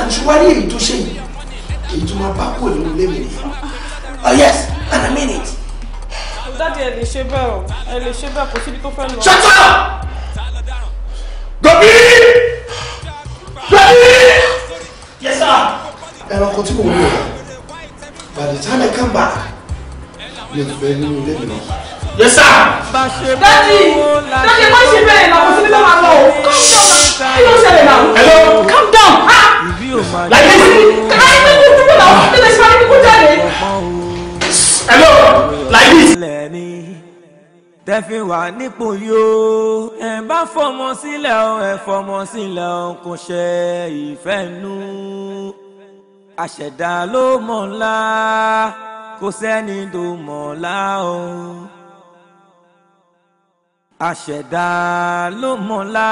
S2: àtúwárí èyí tó ṣe yìí èyí tó máa bá kúrò nínú ilé mi nìyẹn oh yes and a minute.
S4: it. dáàdi ẹ lè ṣe bẹ́ẹ̀ o
S1: ẹ lè ṣe bẹ́ẹ̀ kò síbi tó fẹ́ lọ. shut up
S2: gòbí gòbí yes sir. ẹranko tí mo wù ọ by the time I come back mi ò fẹ́ nínú ilé mi náà. yes sir.
S1: dáàdi dáàdi má ṣe bẹ́ẹ̀ náà kò síbi tó máa lọ o calm down kí ló
S4: ṣẹlẹ̀ náà. hello calm down. Ah! Like this. Can I even kí people tó lọ sí ilé sáré kó jáde.
S1: hello Like this. tẹ̀fín wà nípò yóò ẹ̀ bá fọmọ sílẹ̀ o ẹ̀ fọmọ sílẹ̀ o kò ṣe ìfẹ́ nù àṣẹ̀dá ló mọ̀ ńlá kò sẹ́ni tó mọ̀ ńlá o àṣẹ̀dá ló mọ̀ ńlá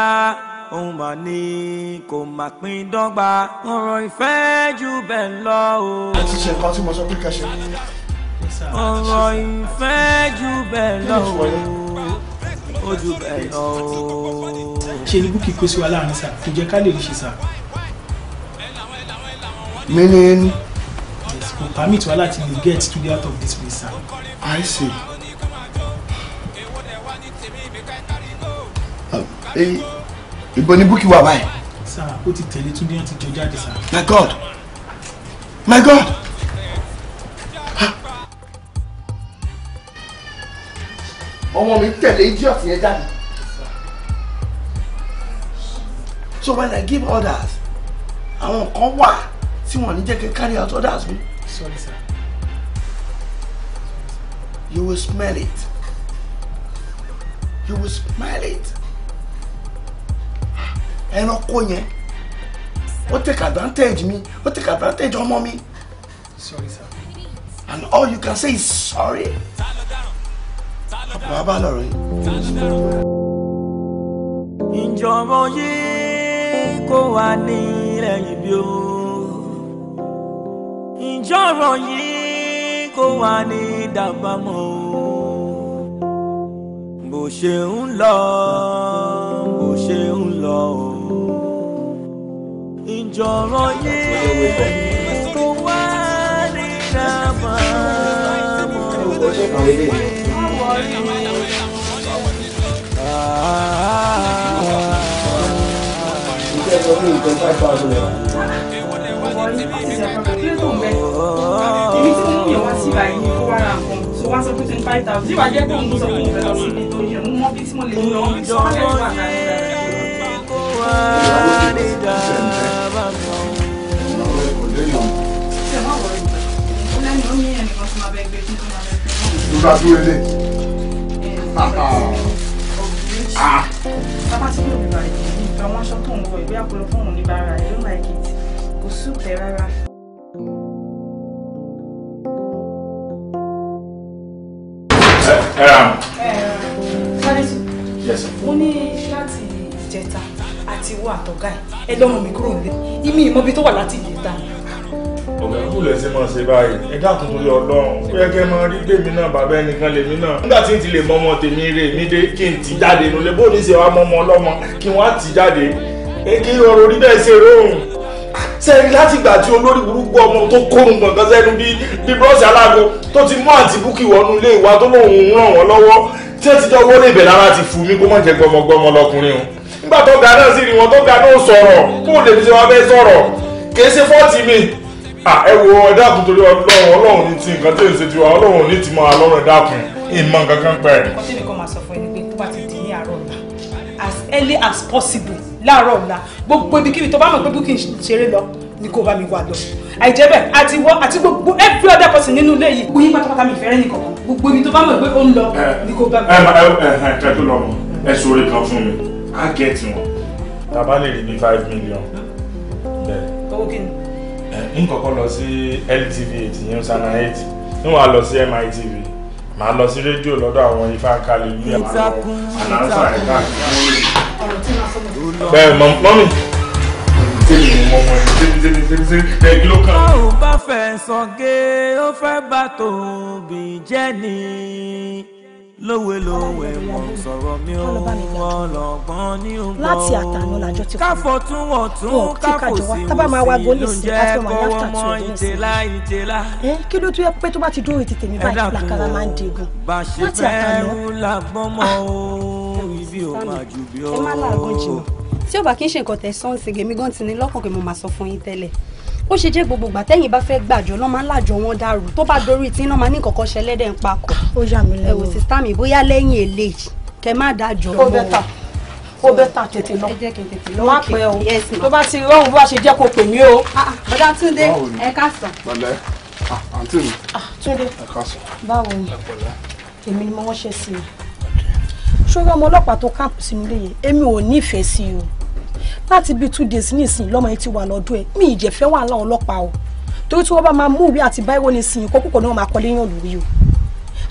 S1: òun mà ní kò má pín dọ́gba ọ̀rọ̀ ìfẹ́ jù bẹ́ẹ̀ lọ o. ẹ ti ṣe nǹkan tí mo sọ pé ká ṣe. ọ̀rọ̀ ìfẹ́ jù bẹ́ẹ̀ lọ o ó jù bẹ́ẹ̀ lọ o. ṣe
S2: ni búkì kó sí wa láàrin sáà kò jẹ́ ká lè rí ṣe sáà. mi ni. yes kò permit wa láti lè get to the out of this place sáà. I see. Um, eh, ìbọn ní búkì wà báyìí. sà ó ti tẹ̀lé túndé wọn ti jọ jáde sà. my god my god. ọmọ mi tẹ̀lé idiot yẹn jáde. so when i give orders àwọn kan wà tí wọn ní jẹ́ kí carry out orders mi. sorry sir. you will smell it you will smell it ẹranko yẹn ó take advantage mi ó take advantage ọmọ mi
S1: sorry sir and all you can say is sorry ọ̀pọ̀ abá lọ̀rọ̀ yìí. ìjọba yìí kò wá ní lẹ́yìn bí o ìjọba yìí kò wá ní dàbámọ̀ o bó ṣe ń lọ bó ṣe ń lọ o jọ̀rọ̀ yé kó wá
S3: nira máa mọ̀ wípé ìjọba yẹ kó
S4: wá nígbà. Nígbà tó lé. Bàbá tí yóò bí báyìí, ìgbà wọn aṣọ tó ń wọ ìgbé àpòlọ fún òun ní bàrà ẹ̀ ló máa kì í tì. Kò súùtẹ̀ rárá. Ẹ ra mọ̀. Sáyẹ́sì. Yẹ́sì. Mo ní láti ìjẹta àti ìwọ àtọ̀gá ẹ̀. Ẹ lọ́mọ mi kúrò nílé. Imi ìmọ̀bi tó wà láti
S2: ọ̀gá ikú lẹ̀ ṣe máa ṣe báyìí ẹ̀dá tuntun yọ ọlọ́run ó yẹ kẹ́ máa rí gbèmí náà bàbá ẹnìkan lèmi náà nígbà tí n ti lè mọ tèmi rè mí dé kí n ti jáde nulẹ bó ní ṣe wá mọ ọmọ kí wọ́n á ti jáde kí ọrọ̀ orí bẹ́ẹ̀ ṣe róhùn sẹ́yìn láti ìgbà tí olórí burúkú ọmọ tó kórun gbọ̀ngàn sẹ́nu bíi bíi bọ́ọ̀sì alágo tó ti mú àǹtí búkì wọnú ilé ìwà tó lóun ràn wọ́n lọ́wọ́ tí ṣe fọ́ọ̀tì mi Ah, ẹ wo ẹ dákun torí ọlọ́run ọlọ́run ní ti nǹkan tí èsì tiwa ọlọ́run ní ti máa lọ́rọ̀ ẹ dákun ìmọ̀ nǹkan kan pẹ̀. ọkọ
S4: tí mi kàn máa sọ fún ẹni pé tó bá ti di ní àárọ̀ ọ̀la as early as possible láàárọ̀ ọ̀la gbogbo ibikíbi tó bá mọ̀ pé booking ṣeré lọ ni kò bá mi wà lọ àìjẹ́ bẹ́ẹ̀ àti wọ àti gbogbo every other person nínú ilé yìí oyin pátápátá mi fẹ́rẹ́ nìkan gbogbo ibi tó bá mọ̀ pé ó ń lọ eh, ni kò bá mi. Eh, eh,
S2: ẹ ẹ ẹ ẹ kẹ́tù lọ
S4: ẹ sọ̀rọ̀ kan fún mi á gẹ̀ẹ́tì wọn.
S2: tàbá lè rí bí five million. owó kí ni. Eh, nkọ̀kọ́ lọ sí LTV eight yẹn sanna eight níwọ̀n a lọ sí MITV màá lọ sí rédíò lọ́dọ̀ àwọn ifá kálí
S5: ní àwọn ànáńsà ẹ̀ka bẹ́ẹ̀ mọ́mí tèmi ni
S1: mo mọ ẹni tèmi tèmi ẹ kí ló kàn. bá fẹ́ sọ̀gẹ́ ó fẹ́ bá tòun bì jẹ́ ni lówe lówe wọn sọ̀rọ̀ mi ó ọlọ́gbọ́n ní ògbọ́n. láti àtàná làjọ ti kú. káfọ̀ tún wọ̀ tún káfọ̀ sí wò sí ló ń jẹ́ kọ́wọ́ mọ́ ìtẹ́lá ìtẹ́lá.
S4: ẹ kí ló tún yẹ pé tó bá ti dúró ètè tèmi báyìí làkàrà máa ń degun.
S1: bá a ṣe fẹ́ẹ́rù o ibi ò máa jù bí ó. ẹ má láàgùn jìnnà
S4: tí ò bá kí ń ṣe nǹkan tẹ̀sán ṣègbè mi ti ní lọ́kàn pé mo máa sọ fún yín tẹ́lẹ̀ ó ṣe jẹ́ gbogbo ìgbà tẹ́yìn bá fẹ́ gbàjọ lọ́ọ́ máa ń làjọ wọn dàrú tó bá dorí tí iná máa ní kọ̀kọ́ ṣẹlẹ́dẹ̀ ń pakọ̀. ó yà mí lẹ́wọ̀ ẹ wò sísá mi bóyá lẹ́yìn eléyìí kẹ má dájọ mọ́. ó bẹ́tà ó bẹ́tà tètè lọ má pẹ́ o tó bá ti rọrùn bó bá ṣe jẹ́ kó pè mí o. Ah, ah, bàdá ah, túndé ẹ káàsán. bàlẹ́ àǹtí mi túndé ẹ báwo ni èmi ni mo wọ́n ṣe sí i ṣó rọ́mọ ọlọ́pàá tó káàpù sínú ilé yìí èmi ò nífẹ̀ẹ́ sí i o láti bíi two days nísìnyí lọ́mọ yẹn ti wà lọ́dún ẹ̀ mi ìjẹ́ fẹ́ wà láwọn ọlọ́pàá o torí tí wọ́n bá máa mú ìwé àti báyìí wọ́n ní sìn kó púpọ̀ ni wọ́n máa kọ́ léyìn olùrí o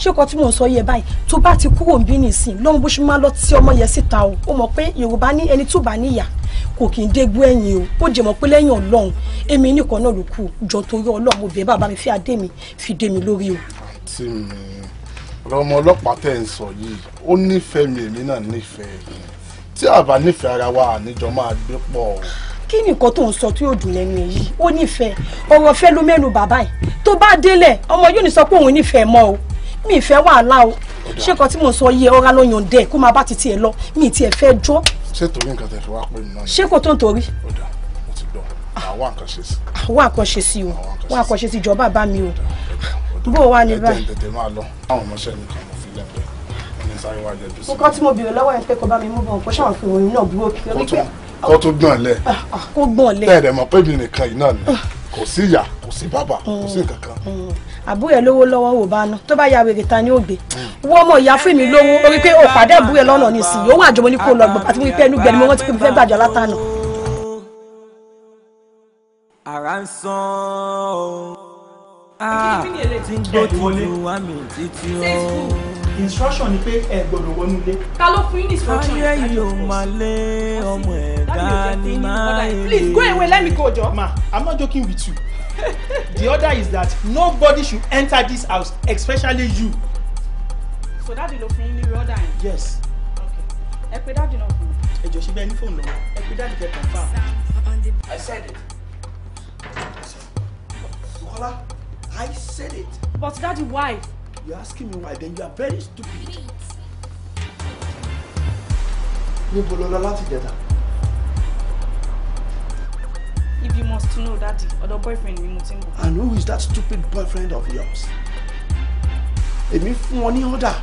S4: ṣé kò tí mò ń sọ yẹ báyìí tó bá ti kúrò ń bí nìsín lọ́mọ bó ṣe máa lọ tí ọmọ yẹn síta o ó mọ̀ pé Yorùbá ní ẹni tó bá níyà kò kì í dégbó ẹ̀yìn o ó jẹ́ mọ̀ pé lẹ́yìn Ọlọ́run èmi nìkan náà ló kù jọ torí Ọlọ́run mo bàbá mi fi adé mi fi dé mi lórí o.
S2: tí mi ọmọ ọlọ́pàá tẹ̀ ń sọ yìí ó nífẹ̀ẹ́ mi èmi náà nífẹ̀ẹ́ tí a bá nífẹ̀ẹ́ ara wa àníjọ máa gbé pọ̀ o.
S4: kí ni nǹkan tó ń sọ tí yóò dùn lẹ́nu ẹ̀ yìí ó nífẹ̀ẹ́ ọ̀rọ̀ fẹ́ ló mẹ́nu bàbá ẹ̀ tó bá délẹ̀ ọmọ yóò ní sọ pé òun nífẹ̀ẹ́ mọ́ o mi ìfẹ́ wàhálà o ṣé kan tí mò ń sọ yìí ọ̀rá ló yàn dẹ́ kó máa bá titi ẹ̀ lọ mi ì tiẹ̀ fẹ́ jọ́.
S2: ṣé torí nǹkan tẹ fi wá pé mi
S4: náà ni. ṣé kò tó ń torí. ó dà mo ti gbọ́ àwa nǹkan ṣe sí. àwa ah, nǹkan ṣe sí o àwa nǹkan ṣe sí ìjọba bá mi o bó o wá ní báyìí. ẹ jẹ́ ń
S2: tètè máa lọ. àwọn ọmọọṣẹ́ mi kan mo fi lẹ́gbẹ̀ẹ́ nǹkan
S4: tí mo béèrè lọ́wọ́ yẹn pé kó bá mi mú bọ̀ nǹkan ṣáà fi òun náà búrò kí orí
S2: kó tó gbọ̀n lẹ̀
S4: ah, ah, kó gbọ̀n lẹ̀ tẹ̀rẹ̀
S2: mọ̀ pé mi nìkan yìí náà ni ah. kò sí ìyá kò sí bàbá kò sí mm, nǹkan
S4: kan. Mm. àbúrò lówó lọ́wọ́ wò bá ná tó bá ya wèrè ta ni ó gbé mm. wọ́n ọmọ ìyá fún mi lówó orí pé ó pàdé àbúrò ẹ lọ́nà ní sìn òun àjọmọ́ ní kó lọ gbọ̀n àti mo pé ẹnu gbẹ̀ni mo rántí pé mo fẹ́ gbàjọ́ látànà.
S1: àrà ń sàn ọ́ àti ń gbó tuntun wá mi títí ọ́ instruction ni pé ẹ gbọ́dọ̀ wọnú ilé. ta ló fún yín ní instruction. ayé yóò máa lé ọmọ ẹ̀dá ní
S2: máa èlé. please go away let me go jọ. ma i'm not joking with you the order is that nobody should enter this house especially you.
S4: so dáàdi ló fún yín ní order yẹn. yes. ẹ pé dáàdi náà fún mi. ẹ jọ ṣe bẹ́ẹ̀ ní fóònù lọ́wọ́ ẹ pé dáàdi kẹta fà. i said it. Bukola, I said it. But daddy, why? You're asking me why, then you are very stupid.
S2: Níbo lo lọ láti jẹta?
S4: If you must know, Daddy, ọ̀dọ̀ boyfriend mi mo ti
S2: And who is that stupid boyfriend of yours? Èmi fún wọn ní order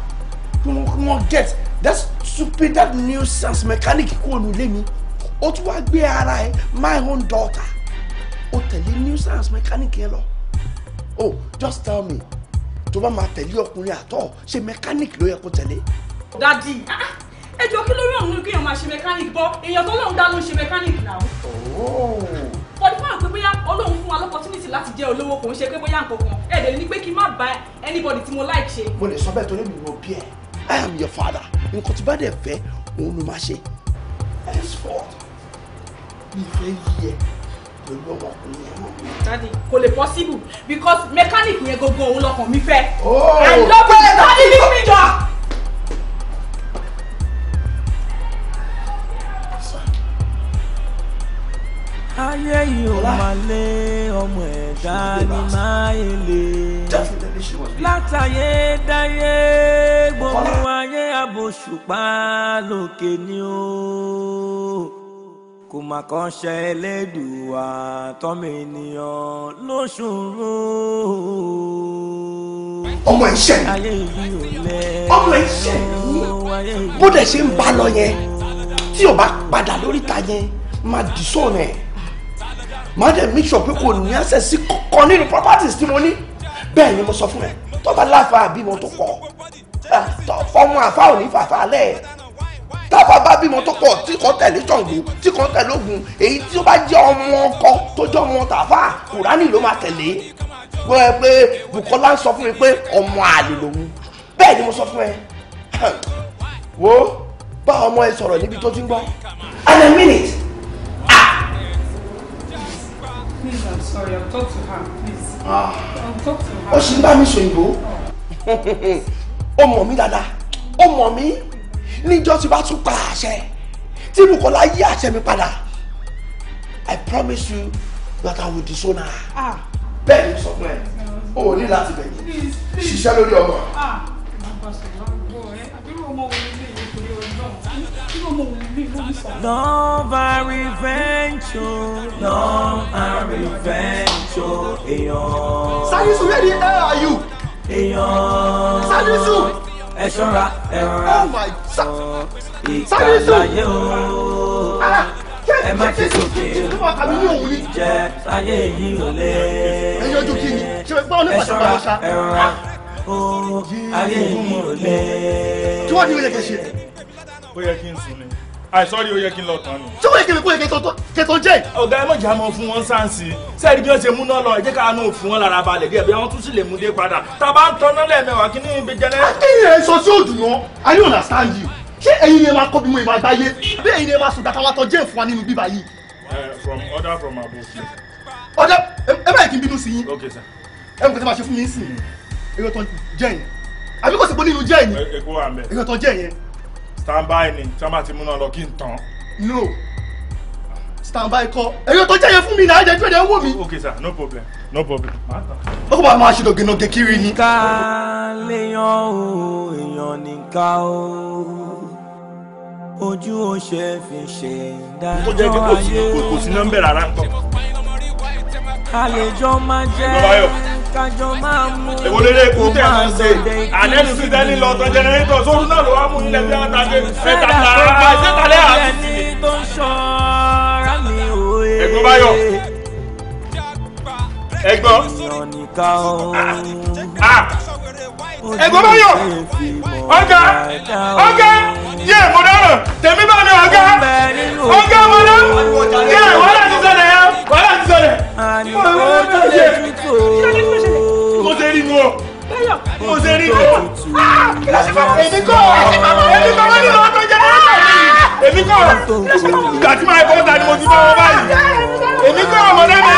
S2: come on, get that stupid that nuisance mechanic kúrò nílé mi. Ó tún wá gbé my own daughter. tell you nuisance mechanic yẹn Oh, just tell me tó bá máa tẹ̀lé ọkùnrin àtọ̀ ṣe mechanic ló yẹ kó tẹ̀lé.
S4: dadi ah, ẹ jọ kí lórí òun kéèyàn máa ṣe mechanic bọ èèyàn tó lóun dá ló ń ṣe mechanic náà. wọ́n ti fún àwọn pé bóyá ọlọ́run fún wa lọ́pọ̀tínìtì láti jẹ́ olówó kò ń ṣe pé bóyá nǹkan kan ẹ̀ dẹ̀ ní pé kí n má ba anybody tí mo like ṣe. mo lè sọ bẹ́ẹ̀ torí mi ò bí ẹ I am your
S2: father nǹkan tí bá dẹ̀ fẹ́ òun ló máa ṣe
S4: henceforth
S2: mi fẹ́ yí ẹ pẹ̀lú ọmọkùnrin
S4: ọmọkùnrin. kò lè possible because mechanic yẹn gbogbo òun lọkàn mi fẹ́. ooo oh. i love you dadi bí mi jọ.
S1: ayé yìí ó máa lé ọmọ ẹ̀dá ní máa èlé látàyé dáyé gbogbo ayé àbòṣùpá lókè ni ó kò mà kàn ṣe ẹlẹ́dùwà tọ́mọ ènìyàn lóṣùrù. ọmọ iṣẹ́ ọmọ iṣẹ́
S2: bó dẹ̀ ṣe ń bá lọ yẹn tí o bá padà lóríta yẹn máa dì sóònù ẹ̀ máa dẹ̀ make sure pé kò ní access sí kọ̀ọ̀kan nínú properties tí mo ní bẹ́ẹ̀ ni mo sọ fún ẹ tó láfa àbí mo tó kọ́ ah, fọmọ àfa ò ní fàfa lẹ́ẹ̀ táfà bá bímọ tó pọ̀ tí kan tẹ̀lé Ṣàngó tí kan tẹ̀lé Ògún èyí tí ó bá jẹ́ ọmọ ọkọ tó jẹ́ ọmọ tàfà Kùránì ló máa tẹ̀lé wọ́n ẹ pé Bùkọ́lá ń sọ fún mi pé ọmọ àlè lòun bẹ́ẹ̀ ni mo sọ fún ẹ [LAUGHS] wo bá ọmọ ẹ sọ̀rọ̀ níbi tó ti ń gbọ́. and a minute. Ah.
S4: Please, I'm sorry. I'll talk to her, please. Ah. I'll talk to her. Ó ṣì ń bá
S2: mi ṣòyìnbó. [LAUGHS] Ó mọ̀ mí dáadáa. Ó mọ̀ mí níjọ́ tí bá tún pa àṣẹ tí Bùkọ́lá yí àṣẹ mi padà I promise you that I will disown her. Ah. bẹ́ẹ̀ ni sọ fún o ò ní láti
S4: bẹ̀yìn ṣiṣẹ́ lórí ọmọ. Ah.
S1: Love and revenge, oh, love and revenge, oh, èèyàn. Salisu, where the hell are you? Èèyàn. Salisu ẹ ṣọ́ra ẹ rọra oh ọ ìkàlàyé o ah, ẹ má ti sòkè jẹ láyé yìí ò lé
S2: ẹ ṣọ́ra ẹ rọra ah. o
S1: ayé yìí ò lé.
S2: tí wọ́n ti wọlé kẹ́sì rẹ̀. ó yẹ kí n sùn ni àìsọ́rí ó yẹ kí n lọ tán ni. ṣé wọ́n yẹ kí n kó yẹ kí n tó jẹ́. ọ̀gá ẹ mọ̀jà mọ̀ fún wọn sáǹsì sẹ́ẹ̀dì bí wọ́n ṣe múná lọ ẹ jẹ́ ká náà fún wọn lára balẹ̀ díẹ̀ bí wọ́n tún sì lè mú dé padà tàbá ń tọ́ná lẹ́ẹ̀mẹ́wàá kí ní ibi jẹ́lẹ́. akéèyàn ah, sọ sí òdùnà I don't understand you ṣé ẹ̀yin ni ẹ máa kọ́ bí mo ìmọ̀ àgbáyé bí ẹ̀yin ni ẹ máa sùn gàtà wa tọ́ jẹ́ ìfún wa nínú bíbá yìí. Eh, from order from above. ọjọ́ ẹ bá yẹ kí n bínú sí yín ẹ mọ̀ kí n máa ṣe fún mi ń sìn èrò tó jẹ́ yẹn àbí kò sí pé nínú jẹ́ yẹn èrò tó standby ni tí wọ́n bá ti múná lọ kí n tán. no standby kọ ẹyọ tó jẹyẹ fún mi náà ẹjẹ tó jẹ wò mí. ok sir no problem no problem. ó kó bá máa
S1: ṣe dògénogé kiri ni. nǹkan léèyàn o èèyàn nìkan o ojú ò ṣe fi ṣe ìdájọ́ ayé o. kò sí nọ́mbẹ̀ rárá ń tọ́ a lè jọ máa jẹ́ kájọ máa mú èwo lè lè kú
S2: tẹ̀ máa ṣe àlẹ́nu sí tẹ́lẹ̀ lọ tán jẹnẹrétọ̀ sórí náà ló wá mú
S1: ilẹ̀ tí wọ́n ta dé ẹ̀ta tààrà ṣẹ́tàlẹ́ àti. ẹ̀gbọ́n báyọ̀ ẹ̀gbọ́n ẹ̀gbọ́n bá yọ ọ̀gá
S3: ọ̀gá yẹ mo dáràn tèmi bá mi ọ̀gá ọ̀gá mo dá yẹ wàhálà ti ṣẹlẹ̀ yẹ wàhálà ti ṣẹlẹ̀
S2: mo ṣe rí nu o
S1: mo ṣe rí nu o èmi kọ́ èmi kọ́ wọ́n ní lọ́wọ́ tó jẹ́ èmi kọ́ ìgbà
S2: tí máa bọ́ ta ni mo ti bá wọn báyìí èmi kọ́ ọmọdé mi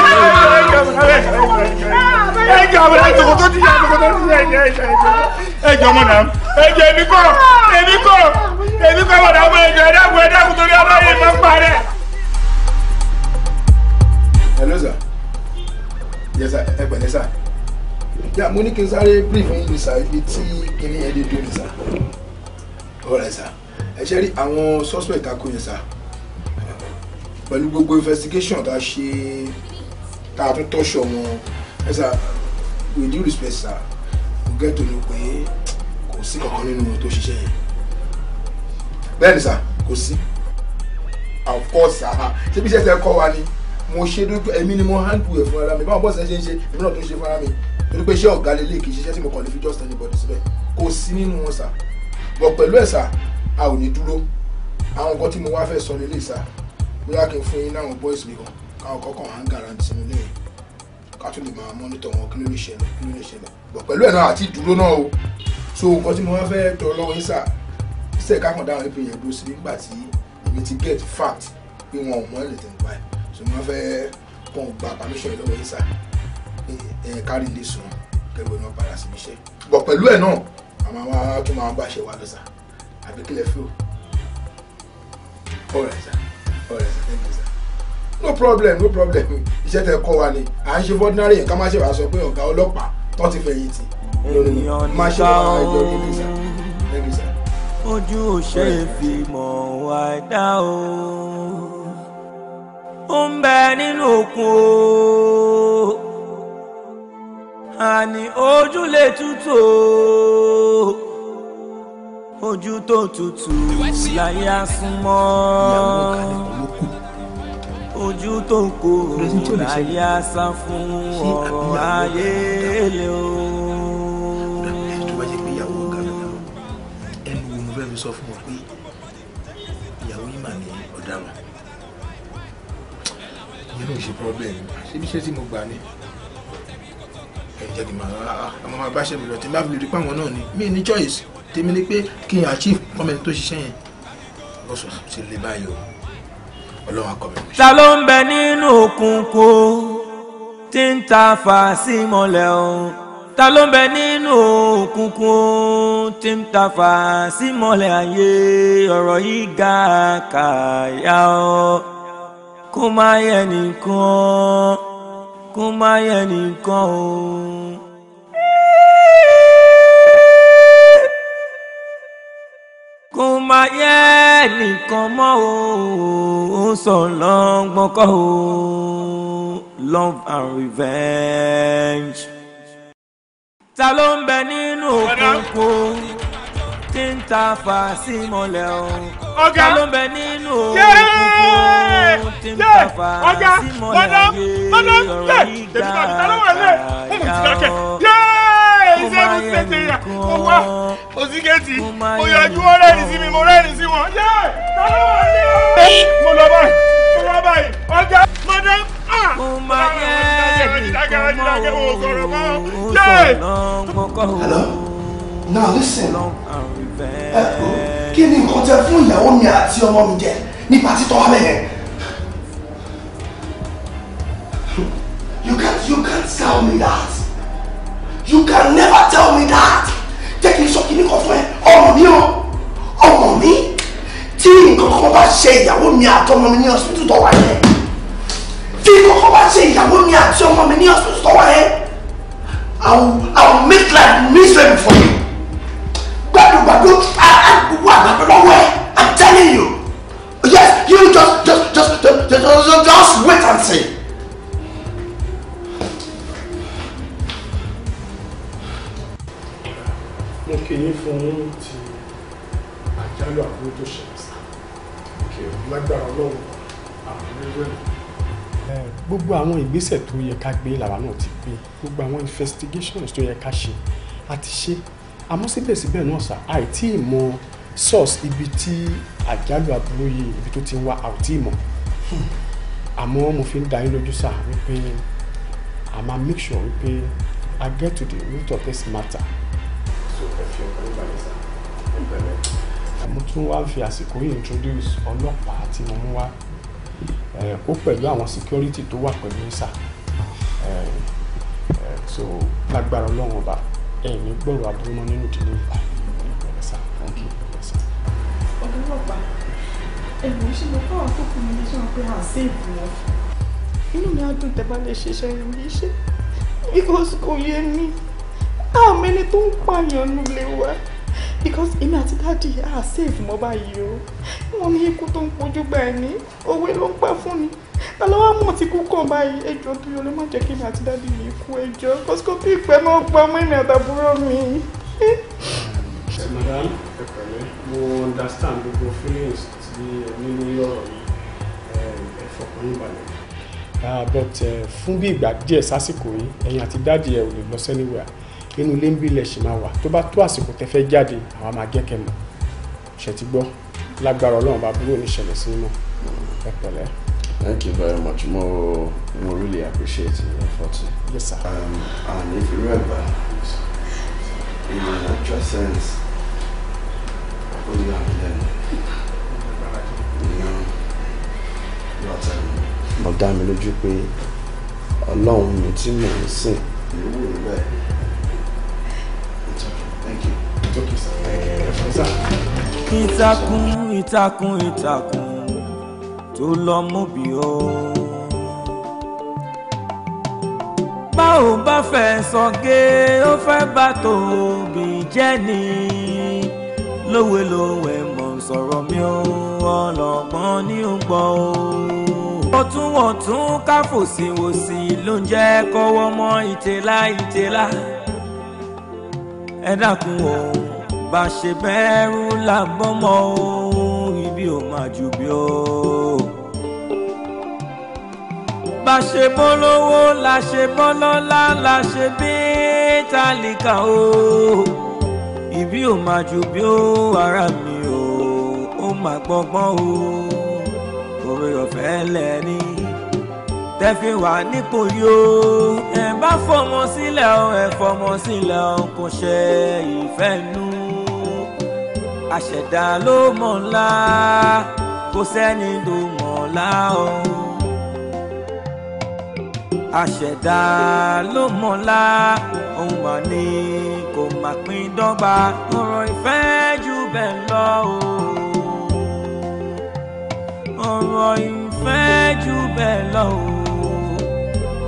S2: ẹjọ àwọn ẹjọ tó ti yà ẹjọ tó ti yà ẹjọ ẹjọ ẹjọ ọmọ náà ẹjọ èmi kọ èmi kọ
S1: èmi kọ ọmọ náà ọmọ ẹjọ ẹdẹkùn ẹdẹkùn torí ọmọ yìí máa ń parẹ.
S2: hello sir yes sir ẹ pẹ̀lẹ́ sir yà mo ní kí n sáré brief yín ní sir ibi tí kíní yẹn dé dúró ní sir alright sir ẹ ṣe rí àwọn suspect takò yẹn sir pẹ̀lú gbogbo investigation tá a ṣe tá a tún tọ́ṣọ wọn ẹ sà with due respect sà kò gẹ́tò ni pé kò sí kankan nínú wọn tó ṣiṣẹ́ yẹn bẹ́ẹ̀ ni sà kò sí of course sà ṣé bí iṣẹ́ ṣe kọ́ wa ni mo ṣe dúpẹ́ èmi ni mo handle ẹ̀ fún ara mi báwọn bọ́ọ̀sì ṣe ń ṣe èmi náà tó ń ṣe fún ara mi torí pé iṣẹ́ ọ̀gá lélẹ̀ kì í ṣiṣẹ́ tí mo kàn lè fi just anybody síbẹ̀ kò sí nínú wọn sà bọ̀ pẹ̀lú ẹ̀ sà a ò ní dúró àwọn nǹkan tí mo wá fẹ́ sọ lélẹ̀ sà bóyá kí n fún yín náà boys mi kan káwọn kọ́kàn hang around sínú lẹ́yìn ká tún lè máa mọ́nítọ̀ wọn kí ló lè ṣẹlẹ̀ kí ló lè ṣẹlẹ̀ bọ̀ pẹ̀lú ẹ̀ náà àti ìdúró náà o so nǹkan tí mo máa fẹ́ tọrọ lọ́wọ́ yín sà iṣẹ́ kákan dáhùn ẹbí yẹn dúró sí nígbà tí èmi ti get fact pé wọn ò mọ ẹ̀ lè ẹ̀ so mo máa fẹ́ pọ̀n gba permission lọ́wọ́ yín sà ẹ̀ kárí ilé sùn kẹ́gbẹ́ náà padà síbi iṣẹ́ bọ̀ pẹ̀lú ẹ̀ náà àmọ́ àwọn tún máa no problem no problem iṣẹ́ tẹ kọ́ wa ni à ń ṣe fọ́dúnárì yẹn ká má ṣe wàá sọ pé ọ̀gá ọlọ́pàá tó ti fẹ̀yìn tì
S1: má ṣe wàá ẹjọ́ lẹ́gbẹ̀sà lẹ́gbẹ̀sà. ojú ò fi mọ̀ wá dá o ó ń bẹ nínú òkun o àní ojú lè tútù o ojú tó tutù láyé asúnmọ́ ojú tó ń kó láyé àṣà fún ọ̀rọ̀ ayé lè o. tó bá jẹ́ pé ìyàwó ọ̀gá mi náà
S2: ẹnu wo mo fẹ́ fi sọ fún wọn pé ìyàwó yìí mà ní ọ̀daràn ìyẹn ló ń ṣe pọ́blẹ́mù ṣébi ṣé tí mo gbà ni ẹ̀jẹ̀ màá àwọn máa bá mi lọ tí n bá fi lè rí pàwọn náà ni mi ní choice tèmi ni pé kí n achieve kọ́mẹ́ni tó ṣiṣẹ́ yẹn lọ́sọ̀ọ́sọ̀ ti lè báyìí o
S1: ta ló ń bẹ nínú òkùnkùn tí ń ta fàásì mọ́lẹ̀ o ta ló ń bẹ nínú òkùnkùn tí ń ta fàásì mọ́lẹ̀ ayé ọ̀rọ̀ yìí ga kàyà o kó má yẹ nìkan kó má yẹ nìkan o. máa yẹ nìkan mọ́ o sọ lọ́ngbọ́n kọ́ o love and revenge. ta ló ń bẹ nínú òkùnkùn tí ń ta fàásìmọ̀lẹ̀ o. ta ló ń bẹ nínú òkùnkùn tí ń ta fàásìmọ̀lẹ̀ ayé ọ̀rọ̀ yìí dáadáa o sẹ́nu tètè yà ó wá òsígẹ́tì mo yọjú ó rẹ́rìn
S2: sí mi mo rẹ́rìn sí wọn. yẹ tọ́lá wà mo lọ báyìí mo lọ báyìí ọjà
S1: madam ah. mo máa yẹ ẹnìkan mọ́ òun sọ̀nà gbọ́kọ̀ Now listen.
S2: Ẹ kò kí ni nǹkan tẹ fún ìyàwó mi àti ọmọ mi jẹ nípa títọ́ wa bẹ̀yẹn? You can't you can't tell me that you can never tell me that jẹ́ kí n sọ kíní kan fún ẹ ọmọ mi o ọmọ mi tí nǹkan kan bá ṣe ìyàwó mi àti ọmọ mi ní hospital tó wà yẹn tí nǹkan kan bá ṣe ìyàwó mi àti ọmọ mi ní hospital tó wà yẹn I will make life miserable for you gbàdúgbàdú àgbègbè àgbàdo lọ́wọ́ ẹ I'm telling you yes you just just just just just, just wait and see. mo kì í fún ti àjálù àbúrò tó ṣẹlẹ̀ sí òkè lágbára ọlọ́run àwọn ẹgbẹ́ rẹ̀. gbogbo àwọn ìgbésẹ̀ tó yẹ ká gbé làwa náà ti gbé gbogbo àwọn investigations tó yẹ ká ṣe a ti ṣe àmọ́ síbẹ̀síbẹ̀ náà sà àìtí ìmọ̀ source ibi tí àjálù àbúrò yìí ibi tó ti ń wá àìtí ìmọ̀ àmọ́ mo fi ń da yín lójú sà wípé a máa make sure wípé I get to the root of this matter mo tún wá fi àsìkò yìí introduce ọlọ́pàá tí mo mú wá kó eh, pẹ̀lú àwọn security tó wà pẹ̀lú sá eh, eh, so lágbára ọlọ́run ọba ẹ̀mí gbọ́rọ̀ aburú mọ́ nínú ìdílé ìgbà sá thank you
S4: ṣe mo kọ́ àwọn tó kù mí lẹ́sọ̀ pé à ń sèèbù wọn inú mi á dùn tẹ́ bá lè ṣiṣẹ́ ìrìn iṣẹ́ because kò yé mi. How many tó ń pààyàn nulẹ̀ wá because in àti dáàdì á save mọ́ báyìí o wọn ní ikú tó ń pojú gbà ẹ̀ ní òwe ló ń pa fún ni tàlọ́wọ́ mọ̀ ti kú kàn báyìí ẹjọ́ tó yọ ló má jẹ́ kí èmi àti dáàdì yìí kú ẹjọ́ kọ́síkò bí ìpẹ́ náà
S2: gba ọmọ èmi madam ẹ
S5: pẹ̀lẹ́ mo
S2: understand gbogbo feelings tí ẹ ní ní ọ̀rọ̀ yìí ẹ fọkàn yín balẹ̀. Ah, but eh, fún bí ìgbà díẹ̀ sásìkò yìí ẹ̀yin àti dáàdì ẹ ò lè lọ inú ilé ń bí ilẹ̀ ṣì máa wà tó bá tó àsìkò tẹ́ fẹ́ jáde àwa máa jẹ́ kẹ́ mọ̀ ṣe ti gbọ́ lágbára ọlọ́run bá burú oníṣẹ̀lẹ̀ sí mọ́ ẹ pẹ̀lẹ́. thank you very much mo mo really appreciate your effort. yes sir. Um, and if you remember in an actual sense only have learned you know but um, mo dá mi lójú pé ọlọ́run mi tí mò ń sìn. ìlú wò ló bẹ́ẹ̀
S1: okay sir ẹ eh, fún sir. ìtàkùn ìtàkùn ìtàkùn tó lọ mú bí o. báwo bá fẹ́ sọ̀gé ó fẹ́ bá tòbí jẹ́ ni lówelówe mọ̀ sọ̀rọ̀ mi ó ọlọ́gbọ́n ní ògbọ́ o. ọ̀túnwọ̀tún káfòsíwòsí ló ń jẹ́ kọ́wọ́ mọ́ ìtẹ́lá ìtẹ́lá ẹ dákun o bá ṣe bẹ̀rù làbọ́mọ ohun ibi ò máa jù bí ó. bá ṣe bọ́ lówó la ṣe bọ́ lọ́lá la ṣe bí tálíkà o. ibi ò máa jù bí ó ara mi o ó máa gbọ́gbọ́n o. òwe ọ̀fẹ́ lẹ́ni tẹ́fí wà nípò yóò ẹ̀ bá fọmọ sílẹ̀ o ẹ̀ fọmọ sílẹ̀ o kò ṣe ìfẹ́ nù àṣẹ̀dá ló mọ̀ ńlá kò sẹ́ni ló mọ̀ ńlá o. àṣẹ̀dá ló mọ̀ ńlá òun mà ní kò má pín dọ́gba ọ̀rọ̀ ìfẹ́ jù bẹ́ẹ̀ lọ o. ọ̀rọ̀ ìfẹ́ jù bẹ́ẹ̀ lọ o.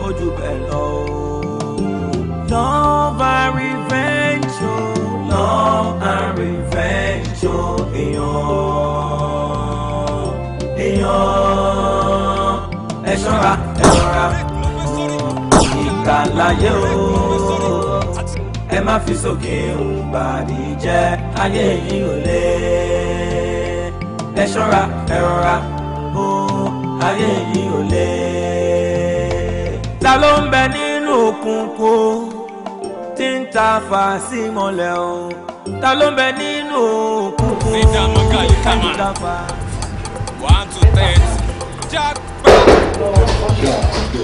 S1: ó bẹ́ẹ̀ lọ o. love and revenge o love and revenge o oh, èèyàn èèyàn ẹ ṣọ́ra ẹ ṣọ́ra ìgbà láyé o oh. ẹ má fi sókè ń bàdí jẹ́ ayé yìí ò lé ẹ ṣọ́ra ẹ rọra ó oh, ayé yìí ò lé ta ló ń bẹ nínú òkùnkùn tí ń ta fà mọ́lẹ̀ o ta ló ń bẹ nínú òkùnkùn níta mọ́gà yìí ká máa one two three jack Good afternoon.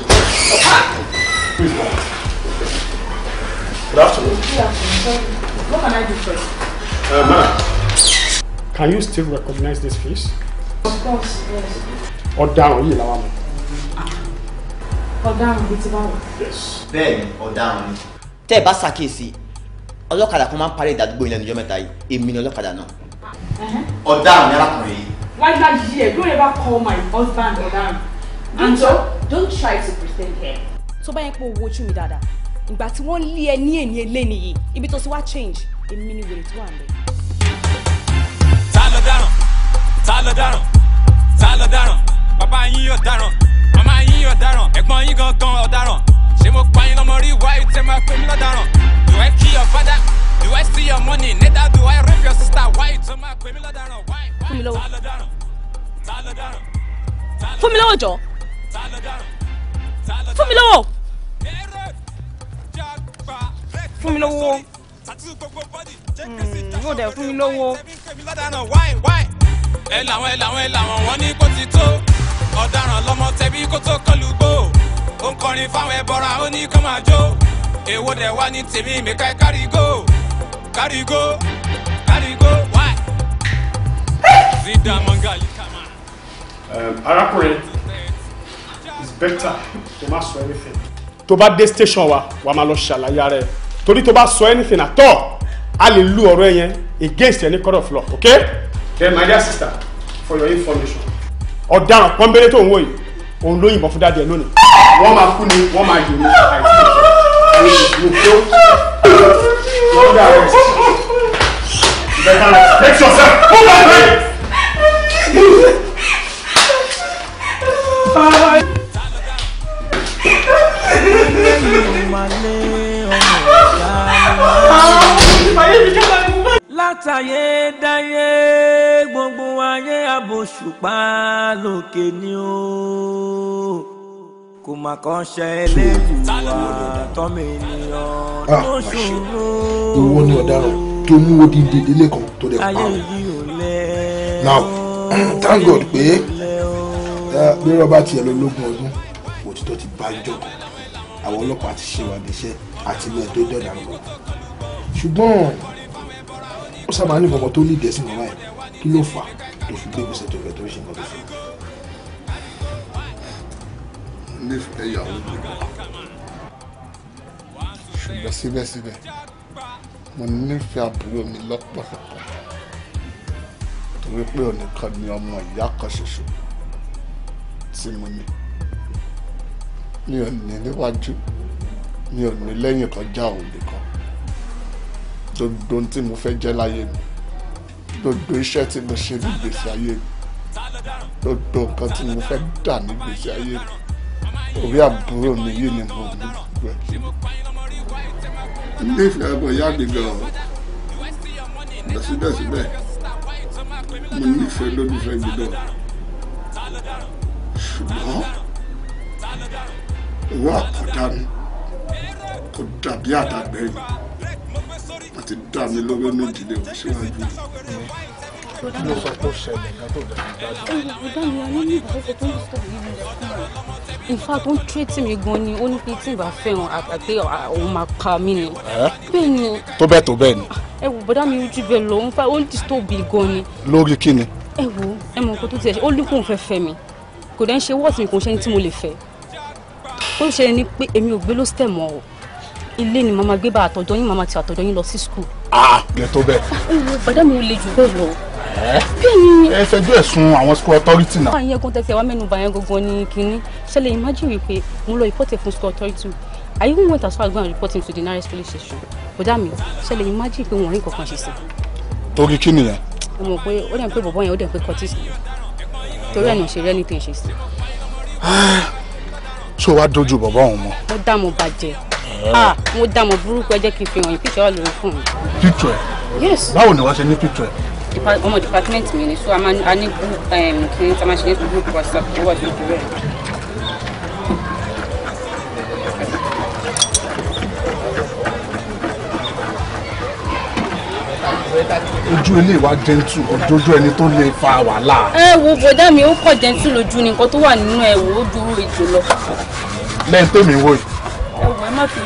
S4: Good afternoon. What can I do for you?
S2: Uh, can you still recognize this face?
S4: Of course, yes.
S2: Ọ̀daràn yìí làwọn mọ̀.
S4: Ah, ọ̀daràn bíi ti báwo? Yes. Bẹ́ẹ̀ni, ọ̀daràn ni tẹ́ ẹ bá
S2: ṣàkíyèsí ọlọ́kadà kan máa ń parí ìdádúgbò ilẹ̀ níjọ́ mẹ́ta yìí èmi ni ọlọ́kadà náà.
S4: Uh-huh. ọ̀daràn ni arákùnrin yìí. why that year don't ever call my husband ọ̀daràn. Anjo don't try to pretend here. tó bá yẹn pé owó ojú mi dáadáa ìgbà tí wọ́n lé ẹ ní èní eléni yìí ibi tó ti wá change èmi ni wèrè tó wà lẹ.
S3: ta ló dáràn ta ló dáràn ta ló dáràn bàbá yín yóò dáràn màmá yín yóò dáràn ẹ̀gbọ́n yín gangan ọ̀daràn ṣé mo pa yín lọ́mọ rí wá ìtẹ́ máa pè mí lọ́daràn do I kill your father do I steal your money neither do I rape your sister wá ìtẹ́ máa pè mí lọ́daràn wá ìtẹ́ jọ
S4: fún mi lọ́wọ́ fún mi lọ́wọ́
S3: mm, ẹ làwọn ẹ làwọn ẹ làwọn wọn ní kó ti tó ọ̀daràn lọmọ tẹbí kó tó kọlù gbòó ó ń kọrin fáwọn ẹbọra ó ní kó máa jó èwo dẹ̀ wá ní tèmi mi ká kárígò kárígò kárígò wáì. zidane mangali kama. Um, arákùnrin
S2: it's better to ma sọ anything. tó bá dé station wa wàá máa lọ ṣàlàyé ara ẹ torí tó bá sọ anything at all a lè lu ọ̀rọ̀ ẹ yẹn against any court of law okay. then my dear sister for your information ọ̀daràn pọ́nbélé tó ń wò yìí òun ló yìnbọn fún dáadé lónìí. wọ́n máa kú ni wọ́n máa yìí ní àìsí mo tó wọ́n dà rẹ̀ sí. better respect yourself. ó wà bẹ́ẹ̀.
S1: Thank you. látàyé dáyé gbogbo ayé àbòṣùpá lókè ni ó kò mà kàn ṣe eléyìí wà tọ́mọ ènìyàn tó ah, ṣòro.
S2: ìwọ ni ọ̀daràn tó mú odidi ìdílé kan tó lè pa now [CLEARS THROAT] thank God pé bí rọ́bà tiẹ̀ lọ lógún ọdún òtítọ́ ti bá ń jọkọ̀ àwọn ọlọ́pàá ti ṣe wà níṣẹ́ àti ilé ẹ̀ tó dọ̀dà ń bọ̀ ṣùgbọ́n ó sábà ní nǹkan kan tó lìdẹ́ sí màmá ẹ̀ kí ló fà tó fi gbé gbèsè tó fẹ́ tó ṣe nǹkan tó fẹ́. nífẹ̀ẹ́ ìyàwó mi ṣùgbọ́n síbẹ̀síbẹ̀ mo nífẹ̀ẹ́ àbúrò mi lọ́pọ̀lọpọ̀ torí pé ònìkan ni ọmọ ìyá kan ṣoṣo tí mo ní mi ò ní níwájú mi ò ní lẹ́yìn kọjá òun nìkan gbogbo ohun tí mo fẹ́ jẹ́ láyé mi gbogbo iṣẹ́ tí mo ṣe ní gbèsè ayé mi gbogbo nǹkan tí mo fẹ́ dà ní gbèsè ayé mi orí àbúrò mi yìí ni mo ní gbẹ. nífẹ̀ẹ́ ọmọ ìyá mi gan-an lọ síbẹ̀síbẹ̀ mo nífẹ̀ẹ́ lólùfẹ́ mi náà ṣùgbọ́n owó àkọ́dá mi kò dàbí àdàgbẹ́yìn ti dá mi lọ́wọ́ méjìlé òṣèlú. kí ló sọ pé ó ṣẹlẹ̀ nǹkan tó dẹ̀
S5: fi dájú. ọ̀gá mi alẹ́ ní ìbáfẹ́ tó ń sọ yìí nílẹ̀ in fact ó ń tírètì mi gan ni ó ní pé tí ìgbà fẹ́ràn àgbàgbé òun máa pa mí ni. bẹ́ẹ̀ ni.
S2: tó bẹ́ẹ̀ tó bẹ́ẹ̀ ni. Ah,
S5: ẹ wò bọ́dá mi ojú bẹ́ẹ̀ lọ ń fa ó ń disturb gan ni. lórí kí ni. ẹ wo ẹ mọ nǹkan tó tiẹ̀ ó líkùn fẹ́ fẹ́ mi kò dẹ́n ṣe wọ́ọ̀tì mi kò ń ṣe ní tí mo lè fẹ́ ó ṣe ni pé èmi ò gbé ló mọ́ o ilé ni màmá gbé bá àtọ̀dọ̀ yín màmá ti àtọ̀dọ̀ yín lọ sí skul. ah ilé tó bẹ́ẹ̀. ìwọ bàdá mi ò le jù bẹ́ẹ̀ lọ. bẹ́ẹ̀ni.
S2: ẹ fẹjọ́ ẹ̀sùn àwọn school authority náà.
S5: báyìí ẹ̀gbọ́n tẹsẹ wa mẹ́nu bàyẹn gangan ni kínní ṣẹlẹ̀ imagine wípé mo lọ report fún school authority I even went as far as going and reporting to the nearest police station bàdá mi ṣẹlẹ̀ imagine pé wọn rí nǹkan kan ṣe sí.
S2: torí kí nìyẹn.
S5: ẹ mọ̀ pé ó dẹ̀ pé bọ̀bọ̀ yẹn ó dẹ̀ pé cortis torí ẹ̀ náà ṣe rẹ́ ní kí n ṣe sí. [SIGHS]
S2: ṣé o wá dojú bọ̀bọ̀ ọ̀hún mọ́.
S5: mo dá mo bàjẹ́ Ah. Ah, mo dá mọ̀ burúkú ẹ jẹ́ kí n fi hàn yín picture ọ̀lọ́run fún mi. picture ẹ báwo
S2: ni wàá ṣe ní picture
S5: ẹ. ọmọ department mi ni so a ní group kìíní tí a máa ṣe ní group whatsapp tó wà lójú rẹ.
S2: ojú ilé wa gentle ojoojó ẹni tó lè fa wàhálà.
S5: ẹ wo bọ̀dá mi ó kọ̀ gentle lójú ni nǹkan tó wà nínú ẹ wò ó dúró ètò lọ.
S1: lẹ́yìn tèmi wo yìí
S5: ẹ má fi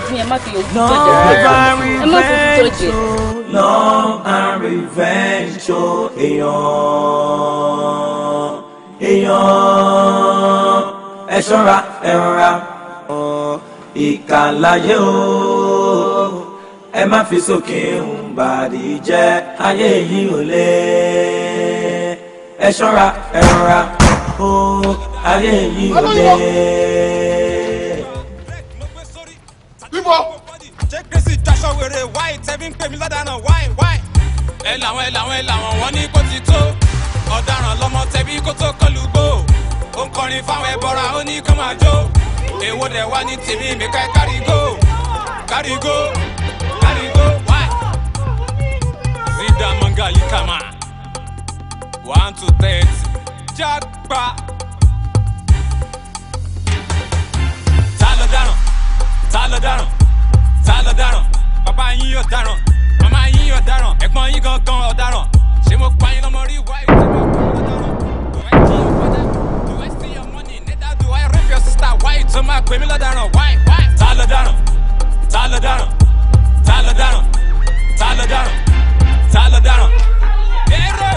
S5: ẹ
S1: revenge oh. o oh, èèyàn èèyàn ẹ ṣọ́ra ẹ rọra ìkàlàyé o oh. ẹ má fi sókè ń bàdí jẹ́ ayé yìí ò lè ẹ ṣọ́ra ẹ rọra o ayé yìí ò lè.
S3: wèrè wáì tẹ́bí ń pè mí lọ́daràn wáì wáì. ẹ làwọn ẹ làwọn ẹ làwọn wọn ní kó ti tó ọ̀daràn lọ́mọ tẹ́bí kó tó kọlu gbó ó ń kọrin fáwọn ẹbọra ó ní kó máa jó èwo dẹ̀ wá ní tèmi mi ká kárígó kárígó kárígó wáì. zida mangali kama one two thirty jágba. ta ló dáràn ta ló dáràn ta ló dáràn. bàbá yín ọ̀daràn màmá yín ọ̀daràn ẹ̀gbọ́n yín gangan ọ̀daràn ṣé mo pa yín lọ́mọ rí wá ìwé mi ọ̀daràn do I see your father do I steal your money neither do I rape your sister why tó máa pè mí lọ́daràn why why. ta ló dáràn ta ló dáràn ta ló dáràn ta ló dáràn ta ló dáràn. èrò.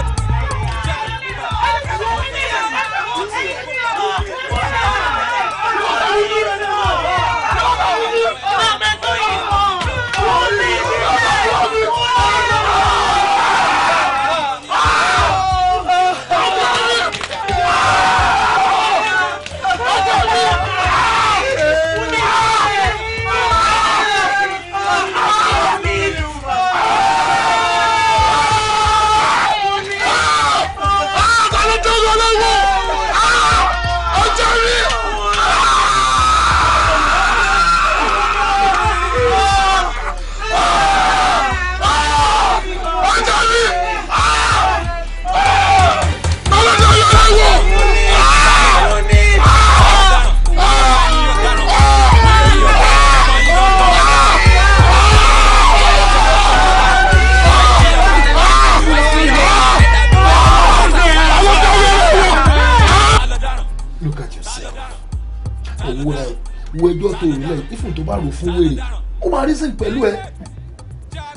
S2: bá rò fún wèrè ó máa reason pẹ̀lú ẹ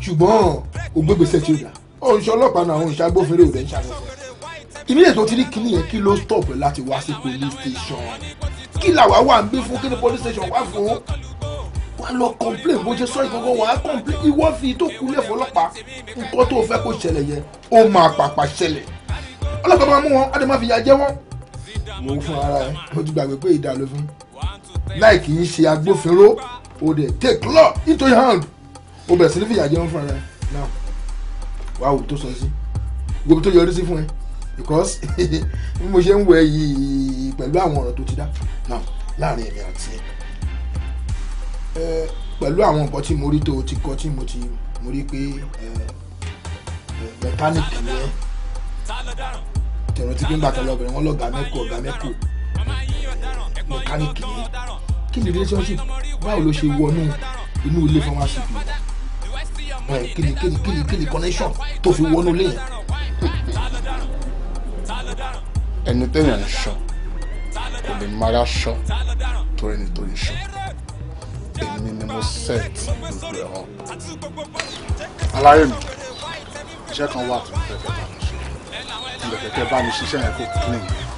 S2: ṣùgbọ́n ògbégbèsè ti rà òǹṣẹ́ ọlọ́pàá náà òǹṣẹ́ agbófinró rẹ̀ ń ṣàlọ́fẹ́ ìmílẹ̀ tó ti rí kíní yẹn kí ló stop láti wá sí police station kí làwa wà ń gbé fún kí ni police station wà fún wà lọ complain bó ṣe sọ ìgangan wà á complain ìwọ fi tó kulẹ̀ fọlọ́pàá nǹkan tó fẹ́ kó ṣẹlẹ̀ yẹn ó máa pàpà ṣẹlẹ̀ ọlọ́pàá máa mú wọn á lè fi ya jẹ́ wọ́n. mo fún ara ẹ mo ti gbàgbé pé ìdá ló fún láì kì í ṣe agbófinró o dey take law into your hand o bẹ̀rẹ̀ sí ní fìyà jẹun fún ẹ now wàá wò tó sọ sí gbogbo tó yọrí sí fún ẹ because [LAUGHS] bí mo ṣe ń wẹ yìí pẹ̀lú àwọn ọ̀rọ̀ tó ti dá now láàrin èmi àti ẹ pẹ̀lú àwọn nǹkan tí mo rí tó ti kọ tí mo ti mo rí pé mechanic ni ẹ tẹ̀rántí pé ń bàtà lọ́bẹ̀rẹ̀ wọn lọ́gàá mẹ́kọ̀ọ́ ọ̀gá mẹ́kọ̀ọ́ mechanic ni ẹ kí ni relationship báwo ló ṣe wọnú inú ilé pharmacy bí eh, ẹ kí ni kí ni kí ni kí ni connection tó fi wọnú ilé yẹn. ẹni tẹ́yàn ń ṣọ kò lè mara ṣọ torí nítorí ṣọ èmi ni mo set gbogbo ẹ̀ hàn. aláyé mi iṣẹ́ kan wà tó ń fẹ́ kẹ́kẹ́ bá mi ṣe ń fẹ́ kẹ́kẹ́ bá mi ṣiṣẹ́ yẹn kó clean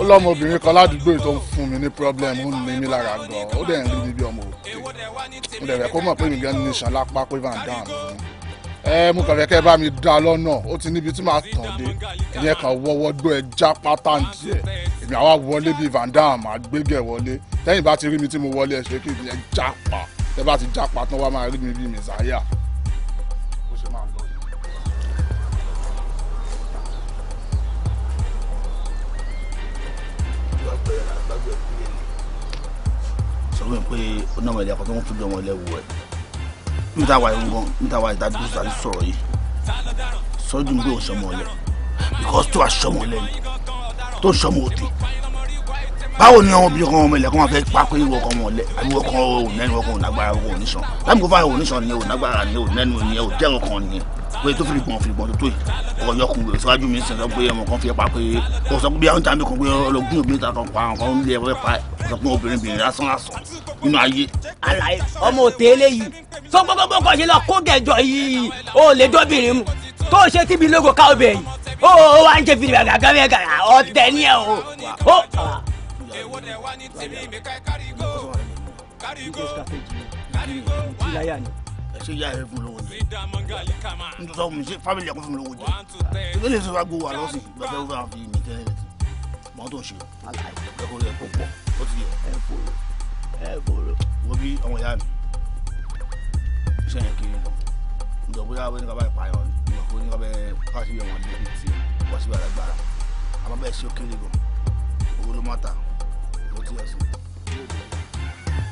S2: ó lọ́mọbìnrin kan ládùúgbò tó ń fún mi ní problem ó ní mi lára gan ó dẹ̀ ń rí mi bí ọmọ òde mo dẹ̀ fẹ́ kó mọ̀ pé mi gan ní ìṣàn lápá pé van dam ẹ mo kàn kẹ́ bá mi dá lọ́nà ó ti níbi tí màá tàn dé ìyẹn kan wọ́wọ́ gbọ́ ẹ pátá díẹ̀ èmi àwa wọlé bíi van dam àgbégẹ̀ wọlé tẹ́yìn bá ti rí mi tí mo wọlé ẹ ṣe kí ẹ já pa tẹ́ bá ti já pa tán wá máa rí mi bíi mẹ̀sáyà. sọ wípé pé onáwó ilé akọ́tọ́ wọn tún dán wọn ilé wù ẹ́ níta wà yín gan níta wà ìdádúró sáré sọ̀rọ̀ yìí sọ́jú ń gbé òṣọmọ ọlẹ́ because tó aṣọmọ ọlẹ́ ni tó ṣọmọ òtí báwo ni àwọn obìnrin kan ọmọ ilẹ̀ kan máa fẹ́ pa pé ìwọ kan ọmọ ọlẹ́ àbí ìwọ kan ò nẹ́nu ọkàn ò nágbára ọkàn ò níṣan láti kó fáwọn oníṣan ni ò nágbára ni ò nẹ́nu ni ò jẹ́ ọkàn ni pé tó fìlì gbọ̀n fìlì gbọ̀n tó tó yìí ọ̀yọ́ kun gbèrè síwájú mi sọ̀rọ̀ pé ọmọ kan fi pa pé ó sọ pé bí àwọn jàǹdùkú pé ọlọ́gbìn obìnrin ta kan pa àwọn kan ń lé ẹ̀rọ pa ẹ̀ sọ pé obìnrin bìnrin lásán lásán
S3: nínú ayé. àlàyé ọmọ òtẹ́ eléyìí sọ gbọ́gbọ́gbọ́ kan ṣe lọ kó gẹ̀jọ yìí ó lè dọ́bìnrin mu tó ṣe tíbi lógo ká obìnrin ó wá ń ṣe fi
S2: gàgà ṣe yá ẹ fún lówó n tó sọ fún mi ṣe fámìlì ẹkún fún mi lówó jẹ ṣé lè ṣe fà gbowó àlọ́sìn gbẹgbẹ mi tẹ́lẹ̀ rẹ ti mọ tó ń ṣe ẹkọ rẹ kó pọ̀ ti yẹ ẹ bòrò ẹ bòrò. wo bí ọmọ ìyá mi iṣẹ́ yẹn kiri lọ ǹjọ́ bóyá wọ́n ní ká bá ìpààyàn ni ǹjọ́ bóyá ní ká bá káṣíbi ẹ̀wọ̀n ní ibi tí wọ́n síbi àlágbára àmọ́ bẹ́ẹ̀ ṣe ó kéré gan owó ló má ta ó ti yẹ sí.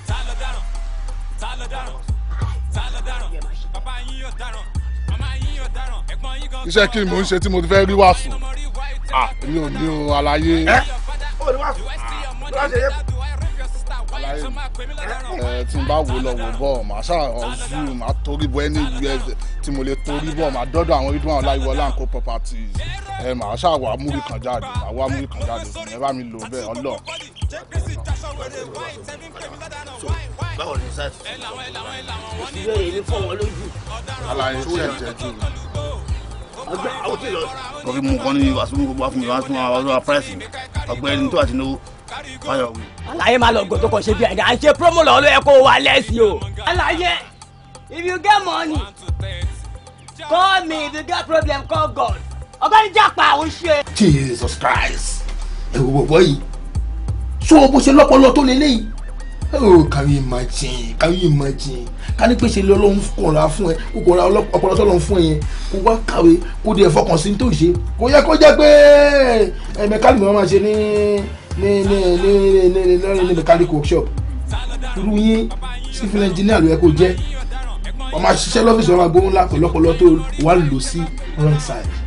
S2: ta ló dáràn ta iṣẹ́ kí ni mò ń ṣe tí mo ti fẹ́ rí wàásù ah, mi ò ní o àlàyé. ẹ ò ní wàásù ló wá ṣe yẹ. àlàyé ẹ tí n bá wò lọ́wọ́ bọ̀ màá ṣáà ọ̀zù màá torí bọ̀ ẹni wí ẹ tí mo lè torí bọ̀ màá dọ́dọ̀ àwọn ibi wọn Ọláyíwọlá ńkọ́ properties ẹ màá ṣáà wà múrí kan jáde màá wà múrí kan jáde ẹ bá mi lò bẹ́ẹ̀ ọlọ́ọ̀
S3: báwo ni sáà ti ṣe ìwé èyí lójú.
S2: alaye tó yẹ jẹ jù. ọgbẹ awo ti lọ. kọfí mu kọ́ni wàásù
S3: gbogbo afúnmi wàásù wàásù àpẹẹsì ọgbẹ́ni tó àti náwó fáyọ̀ wí. alaye máa lọ gbọ́ tó ṣe bí ẹ̀dá ṣe promo lọ ló yẹ kó wà lẹ́sìn o. alaye if you get money call me if you get problem call God ọgbẹ́ni jápa ò ṣe.
S2: Jesus Christ ẹ̀rù bọ̀bọ̀ yìí sọ bó ṣe lọ́pọ̀lọ́ tó lélẹ́yìí oh can you imagine can you imagine ká ní pé ṣe lọ lọ́hún kọ̀ọ̀rọ̀ fún ẹ kó kọ̀ọ̀rọ̀ ọpọlọ tó lọ́hún fún ẹ yẹn kó wá kàwé kó di ẹ̀fọkàn sí tó ṣe kó yẹ kó jẹ́ pé ẹ̀mẹ̀kálì mi wọ́n máa ṣe ní ní ní ní ní ní ní ní mechanic workshop irú yín civil engineer ló yẹ kó jẹ́ wọ́n máa ṣiṣẹ́ lọ́fíìsì wọn máa gbóhùn lápẹ̀ lọ́pọ̀lọ́ tó wà lò sí wrong side.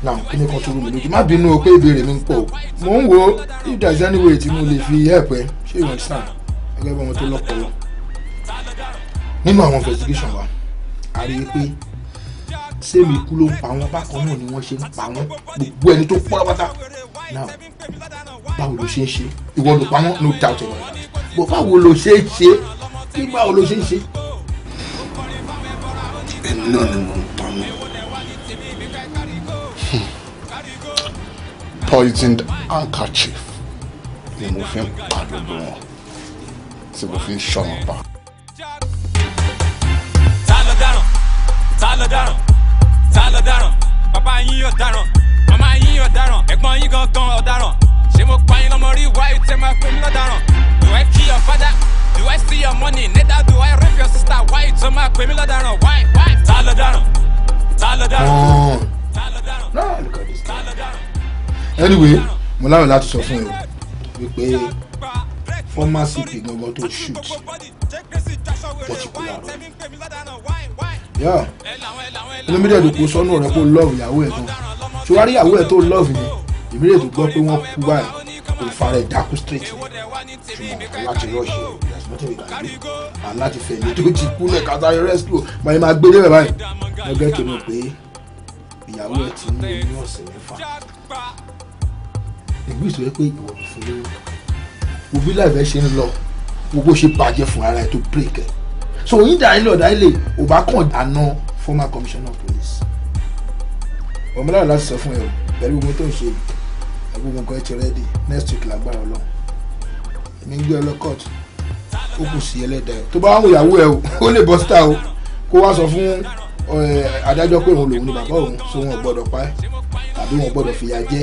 S2: Now, kí ni kan tó rú mi lójú má bínú o pé ìbéèrè mi ń pọ̀ mò ń wo if there's any way tí mo lè fi help ẹ ṣé you understand gẹ́gẹ́ bí ọmọ tó lọ́pọlọ nínú àwọn investigation wa a rí i pé sẹ́mi ikú ló ń pa wọn bákan náà ni wọ́n ṣe ń pa wọn gbogbo ẹni tó pọ́ pátá náà báwo ló ṣe ń ṣe ìwọ ló pa wọn no doubt about it bọ̀ báwo ló ṣe ń ṣe kí báwo ló ṣe ń ṣe. èmi náà ni mo ń pa wọn. poisoned handkerchief ni mo fi ń pa gbogbo wọn tí mo fi ń ṣọ̀nà pa.
S3: ta ló dáràn ta ló dáràn ta ló dáràn bàbá yín yóò dáràn màmá yín yóò dáràn ẹ̀gbọ́n yín gangan ọ̀daràn ṣé mo pa yín lọ́mọ rí wáyé tẹ́ máa pè mí lọ́daràn do I kill your father do I steal your money neither do I rape your sister wáyé tẹ́ máa pè mí lọ́daràn wáyé wáyé ta ló dáràn ta ló dáràn ta ló dáràn ta ló dáràn
S2: anyway mo láwọn láti sọ fún ẹ wípé former cp gangan tó shoot particular yà inú mídíà tó kó sọnù rẹ kó love ìyàwó ẹ gan tí wàá rí ìyàwó ẹ tó love yẹn ìmílẹ̀ tó gbọ́ pé wọ́n kú báyìí kò fara ẹ̀ dákú straight ṣùgbọ́n láti rọ́ọ̀ṣì ìyàsọ́tò ìgbàgbé aláti fẹ̀ ní tó ti kú lẹ̀ kátà rescue báyìí máa gbé débẹ̀ báyìí ẹgbẹ́ tó mọ̀ pé ìyàwó ẹ ti ní oyún ọ̀sẹ̀ mẹ́fà ìgbésẹ̀ yẹ pé ìwọ ló fún lówó wo láìpẹ́ ṣe ń lọ wo ṣe bàjẹ́ fún ara ẹ̀ tó break ẹ̀ so yín dà ilé ọ̀dà ilé ò kàn àná former commissioner of police ọmọlára láti sọ fún ẹ o pẹ̀lú gbogbo tó ń ṣe agbóhùn kan ẹ ti rẹ́dì next week lágbára ọlọ́run èmi ń gbé ọ lọ court ó kù sí ẹlẹ́dàá ẹ tó bá wà ìyàwó ẹ o [LAUGHS] ó lè bọ́ síta o kó wá sọ fún Eh, adájọ́ pé òun lòun ni bàbá òun so wọn gbọ́dọ̀ pa ẹ́ tàbí wọn gbọ́dọ̀ fìyà jẹ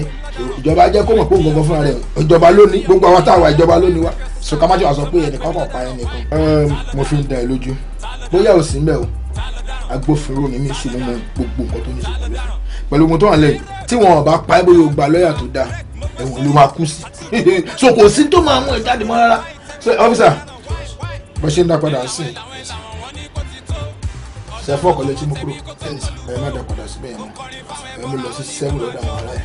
S2: ìjọba jẹ́ kó mọ̀ pé òun gangan fúnra rẹ̀ ìjọba lónìí gbogbo àwọn táwa ìjọba lónìí wa so ká má jọ wá sọ pé ẹnìkan kàn pa ẹnìkan. Um, mo fi ń da ẹ lójú bóyá ò sí mbẹ o agbófinró mi mi sì mú gbogbo nǹkan tó ní sọ pẹ̀lú pẹ̀lú ohun tó wà lẹ́yìn tí wọn bá pa ẹ bóyá o gba lọ́ọ̀yà tó dáa ẹ̀wọ̀n ló máa kú sí [LAUGHS] so kò sí tó máa mú ẹ jáde mọ́ rárá so officer bó ṣe ń dá padà sí i ṣe fún ọkọ̀ létí mú kúrò ẹ má dà padà yẹn mọ́ ẹ mú lọ sí sẹ́wọ̀n lọ́dọ̀ àwọn ará ẹ̀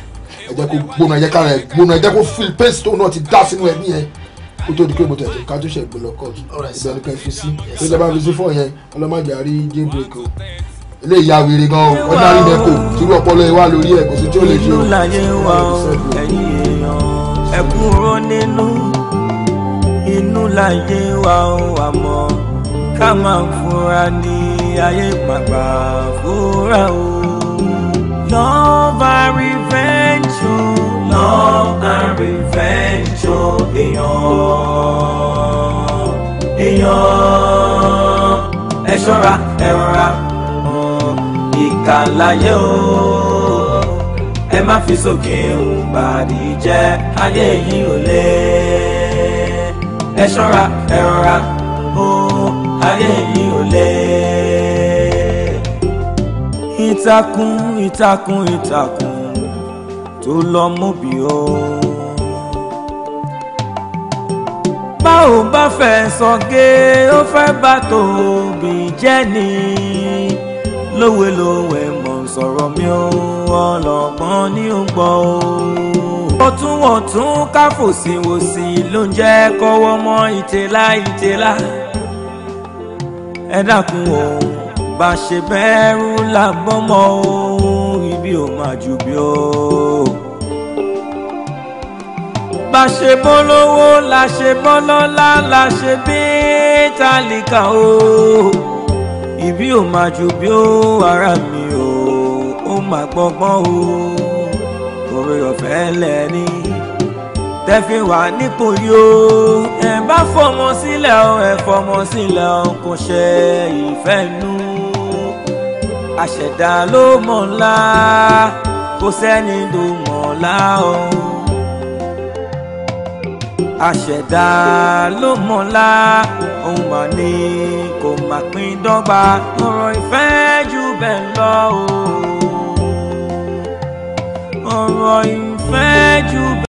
S2: ẹ kó gbóná ẹ kára ẹ gbóná ẹ kó feel pain tó náà ti dá sínú ẹ̀mí yẹn kó tó di pé mo tẹ̀ ká tó ṣe gbòòlò kọ́ọ̀tù ìbẹ̀rù kan fi sí tó jẹ́ fi sí fún ọ̀yẹn ọlọ́mọdé àrí game break o ilé ìyá wèrè gan o ordinary neco tìrú ọpọlọ ẹ wá lórí ẹ kò sí tí ó lè ṣe
S1: o. ká máa fura ní ayé màgbà fúnra o. love and revenge o. love and revenge o. èèyàn èèyàn ẹ ṣọ́ra ẹ rọra ìkàlàyé o ẹ má fi sókè ń bàdí jẹ́ ayé yìí ò lé ẹ ṣọ́ra ẹ rọra ó ayé yìí ò lé. ìtàkùn ìtàkùn ìtàkùn tó lọ mú bí o. báwo bá fẹ́ sọ̀gé ó fẹ́ bá tòbí jẹ́ ni lówe lówe mọ̀ sọ̀rọ̀ mi ò ọlọ́gbọ́n ní ògbọ́n o wọ̀túnwọ̀tún káfòsíwòsí ló ń jẹ́ kọ́wọ́ mọ́ ìtẹ́lá ìtẹ́lá ẹ dákun o bá ṣe bẹ́rù làbọ́mọ́ ohun ibi ò máa jù bí ó. bá ṣe bọ́ lówó la ṣe bọ́ lọ́lá la ṣe bí tálíkà o ibi ò máa jù bí o ara mi o ó máa gbọ́gbọ́n o oore ọ̀fẹ́ lẹ́ni tẹ́fí wà nípò yóò ẹ bá fọmọ sílẹ̀ o ẹ fọmọ sílẹ̀ o kò ṣe ìfẹ́ nù àṣẹ̀dá ló mọ̀ ńlá kò sẹ́ni tó mọ̀ ńlá o. àṣẹ̀dá ló mọ̀ ńlá òun mà ní kò má pín dọ́gba ọ̀rọ̀ ìfẹ́ jù bẹ́ẹ̀ lọ o. ọ̀rọ̀ ìfẹ́ jù bẹ́ẹ̀.